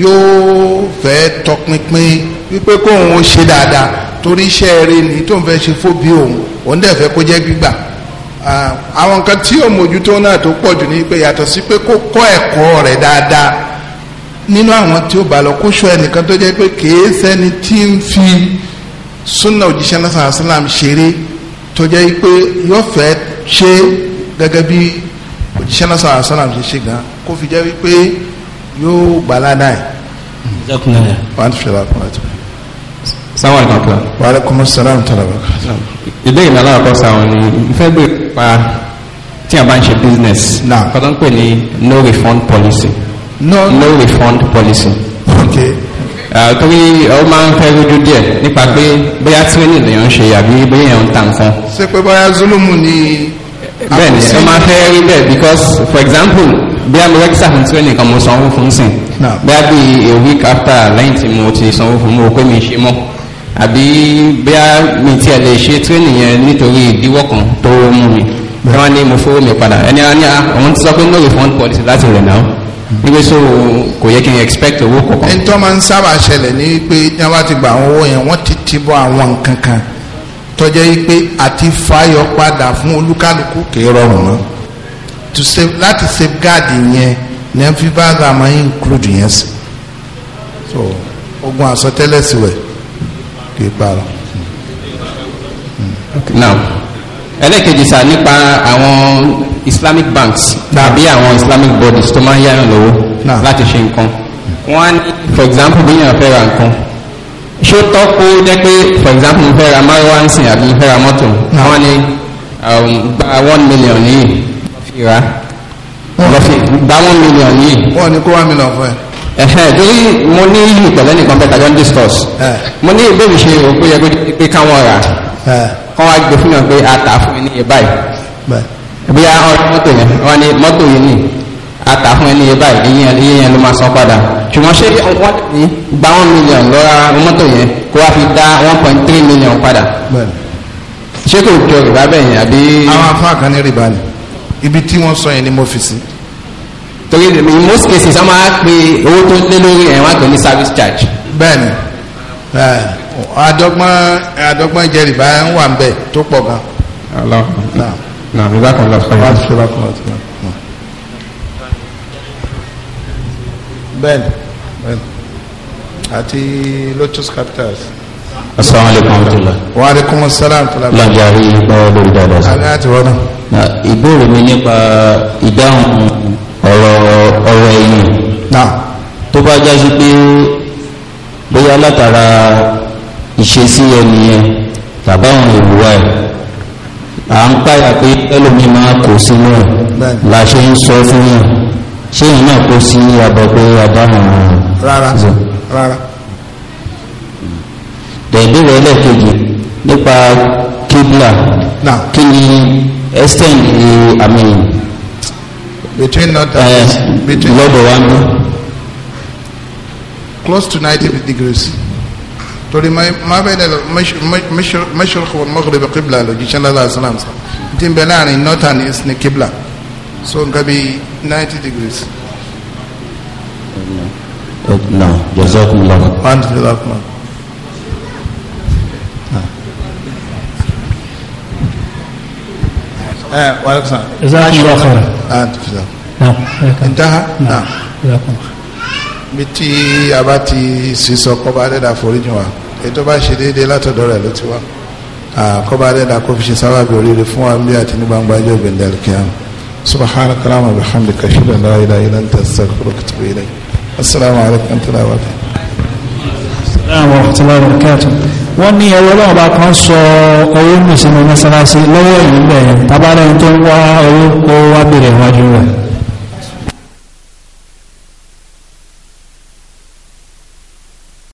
yóò fẹ́ tọpinpin wípé kóun ó ṣe dáadáa torí iṣẹ́ rẹ ni tóun fẹ́ ṣe fóbi òun òun dẹ̀ fẹ́ kó jẹ́ gbígbà àwọn nǹkan tí yóò mójútó náà tó pọ̀ jù ní pé yàtọ̀ sí pé kó kọ́ ẹ̀kọ́ rẹ̀ dáadáa nínú àwọn tí ó bá lọ kó ṣọ ẹnìkan tó jẹ́ pé kèé sẹ́ni tí ń fi sunna òjíṣẹ́ náà asalam ṣeré tọjá yìí pé yóò fẹ́ ṣe gẹ́gẹ́ bí òjíṣẹ́ náà asalam ṣe ṣe gan kó fi jẹ́ wípé yóò gbalada ẹ̀. sáwọn ìdàkọ̀. wàhálà kọ́mọ sàlámù tọ́lá bá. ìbéèrè náà láwọn kọ́sà wọn ni ìfẹ́ gbé pa tí a bá ń ṣe business. náà kọ́tọ́ ń pè ní no refund policy. no refund policy torí ó máa ń fẹ́ rojú díẹ̀ nípa pé bóyá training lèèyàn ń ṣe àbí bóyá èèyàn ń ta nǹkan. ṣé pé bóyá zulumu ni. bẹ́ẹ̀ ni ó máa fẹ́ rí bẹ́ẹ̀ because for example bí a mo rẹ́gísà fún training kan mo sanwó fún sìn bí a bí a week after lẹ́yìn tí mo ti sanwó fún mo pé mi ṣe mọ́ àbí bí a mi tiẹ̀ lè ṣe training yẹn nítorí ìdíwọ́ kan tó mú mi. wọ́n ní mo fowó mi padà ẹni wọn ní àwọn ti sọ pé no refund policy láti rẹ̀ náà gbígbé so kò yẹ kí n expect owó kọ̀ọ̀kan. ẹni tó máa ń sábà ṣẹlẹ̀ ní pé ní wọ́n ti gba àwọn owó yẹn wọ́n ti ti bọ́ àwọn nǹkan kan tọ́jọ́ yìí pé àti fàyọ padà fún olúkálùkù kì í rọrùn mọ́ láti safeguard yẹn ní fi bá a máa include yẹn sí so ogun àsọtẹ́lẹ̀ sí wẹ̀ kì í parọ́. Hmm. Hmm. now ẹlẹ́kejì sà nípa àwọn islamic banks tàbí àwọn islamic bodies tó máa ń yáyàn lówó láti ṣe nǹkan wọ́n á for example bí yàn fẹ́ ra nǹkan ṣó tọ́ kó jẹ́ pé for example mo fẹ́ ra márùwá ń sìn àbí mo fẹ́ ra mọ́tò wọ́n ní um, gba one million yìí lọ́ fi ra gba one million yìí. wọ́n ní kó one million fún ẹ ẹ̀hẹ́ torí mo ní yìí pẹ̀lẹ́ nìkan bẹ́ẹ̀ tàjọ́ ń discuss mo ní ìbéèrè ṣe òkú yẹ pé káwọn rà wọ́n wá gbé fún yàn pé a tà fún ẹni yẹn báyìí bí a ọ̀rọ̀ mọ́tò yẹn wọ́n ní mọ́tò yìí ni a tà fún ẹni yẹn báyìí iye yẹn ló máa san padà ṣùgbọ́n ṣé wọ́n ní gba one million lọ́ra mọ́tò yẹn kó wá fi dá one point three million padà ṣé kò jọ rìbá bẹ́ẹ̀ yẹn àbí. àwọn afáà kan ní rìbá ni ibi tí wọ́n sọ yẹn ni mo fi sí. torí in most cases wọ́n máa pe owó tó lé lórí ẹ̀ wọ́n á pè ní service charge. bẹ́ẹ̀ni bẹ́ẹ̀ni àdọ́gbọ́n àdọ́gbọ́n jẹrìbá ń wà ń bẹ̀ tó pọ̀ gan. bẹ́ẹ̀ni bẹ́ẹ̀ni àti lotus capitals. asalaamualeykum wa rahmatulah. wa aleykum salaam wa rahmatulah. lọ́jà rí ipa lórí dáadáa. àmì àti wọ́n náà. ìbéèrè mi nípa ìdáhùn ọ̀rọ̀ ọ̀rọ̀ ẹ̀yìn. tó bá jásí pé bóyá látara ìṣesí ẹnìyẹn tàbá ìwúwa ẹ̀ à ń páyà pé ẹlòmíì máa kó sínú ẹ̀ la ń sọ fún yàn ṣé yìí náà kó sí abọ adáhùn rárá rárá. dẹ̀bí rẹ̀ lẹ́ẹ̀kejì nípa kíbla kí ni extend the amin. lọ́dọ̀ wa ń close to ninety degrees torí ma bẹ́ẹ̀ dẹ̀ mashriq wal maghrib qibla lòjì sẹ́lẹ̀lá islam sọ ti ń bẹ láàrin north and east ní qibla so nǹkan bíi ninety degrees. نعم جزاكم الله خير أنت جزاكم الله ايه وعليكم السلام جزاكم الله خيرا أنت جزاكم نعم انتهى نعم جزاكم الله خير bí tí a bá ti sísọ kọ́ba dẹ́dà foríjì wa ètò bá ṣe déédéé látọ̀dọ̀ rẹ̀ ló ti wá àkọ́bá adẹ́dà kó fi ṣe sábàbí oríire fún wa bí àti ní gbangba ẹjọ́ gbẹ̀ndẹ̀ alikiyam subahana kalama alhamdu kashiru la ilaha illa anta astaghfiruka wa atubu ilayk assalamu alaykum wa rahmatulahi wa barakatuh. wọ́n ní ẹ̀rọ náà bá kan sọ owó mùsùlùmí mọ́sálásí lọ́wọ́ ìlú bẹ̀rẹ̀ tábàárẹ̀ tó ń wá owó kó wá bèrè wájú rẹ̀.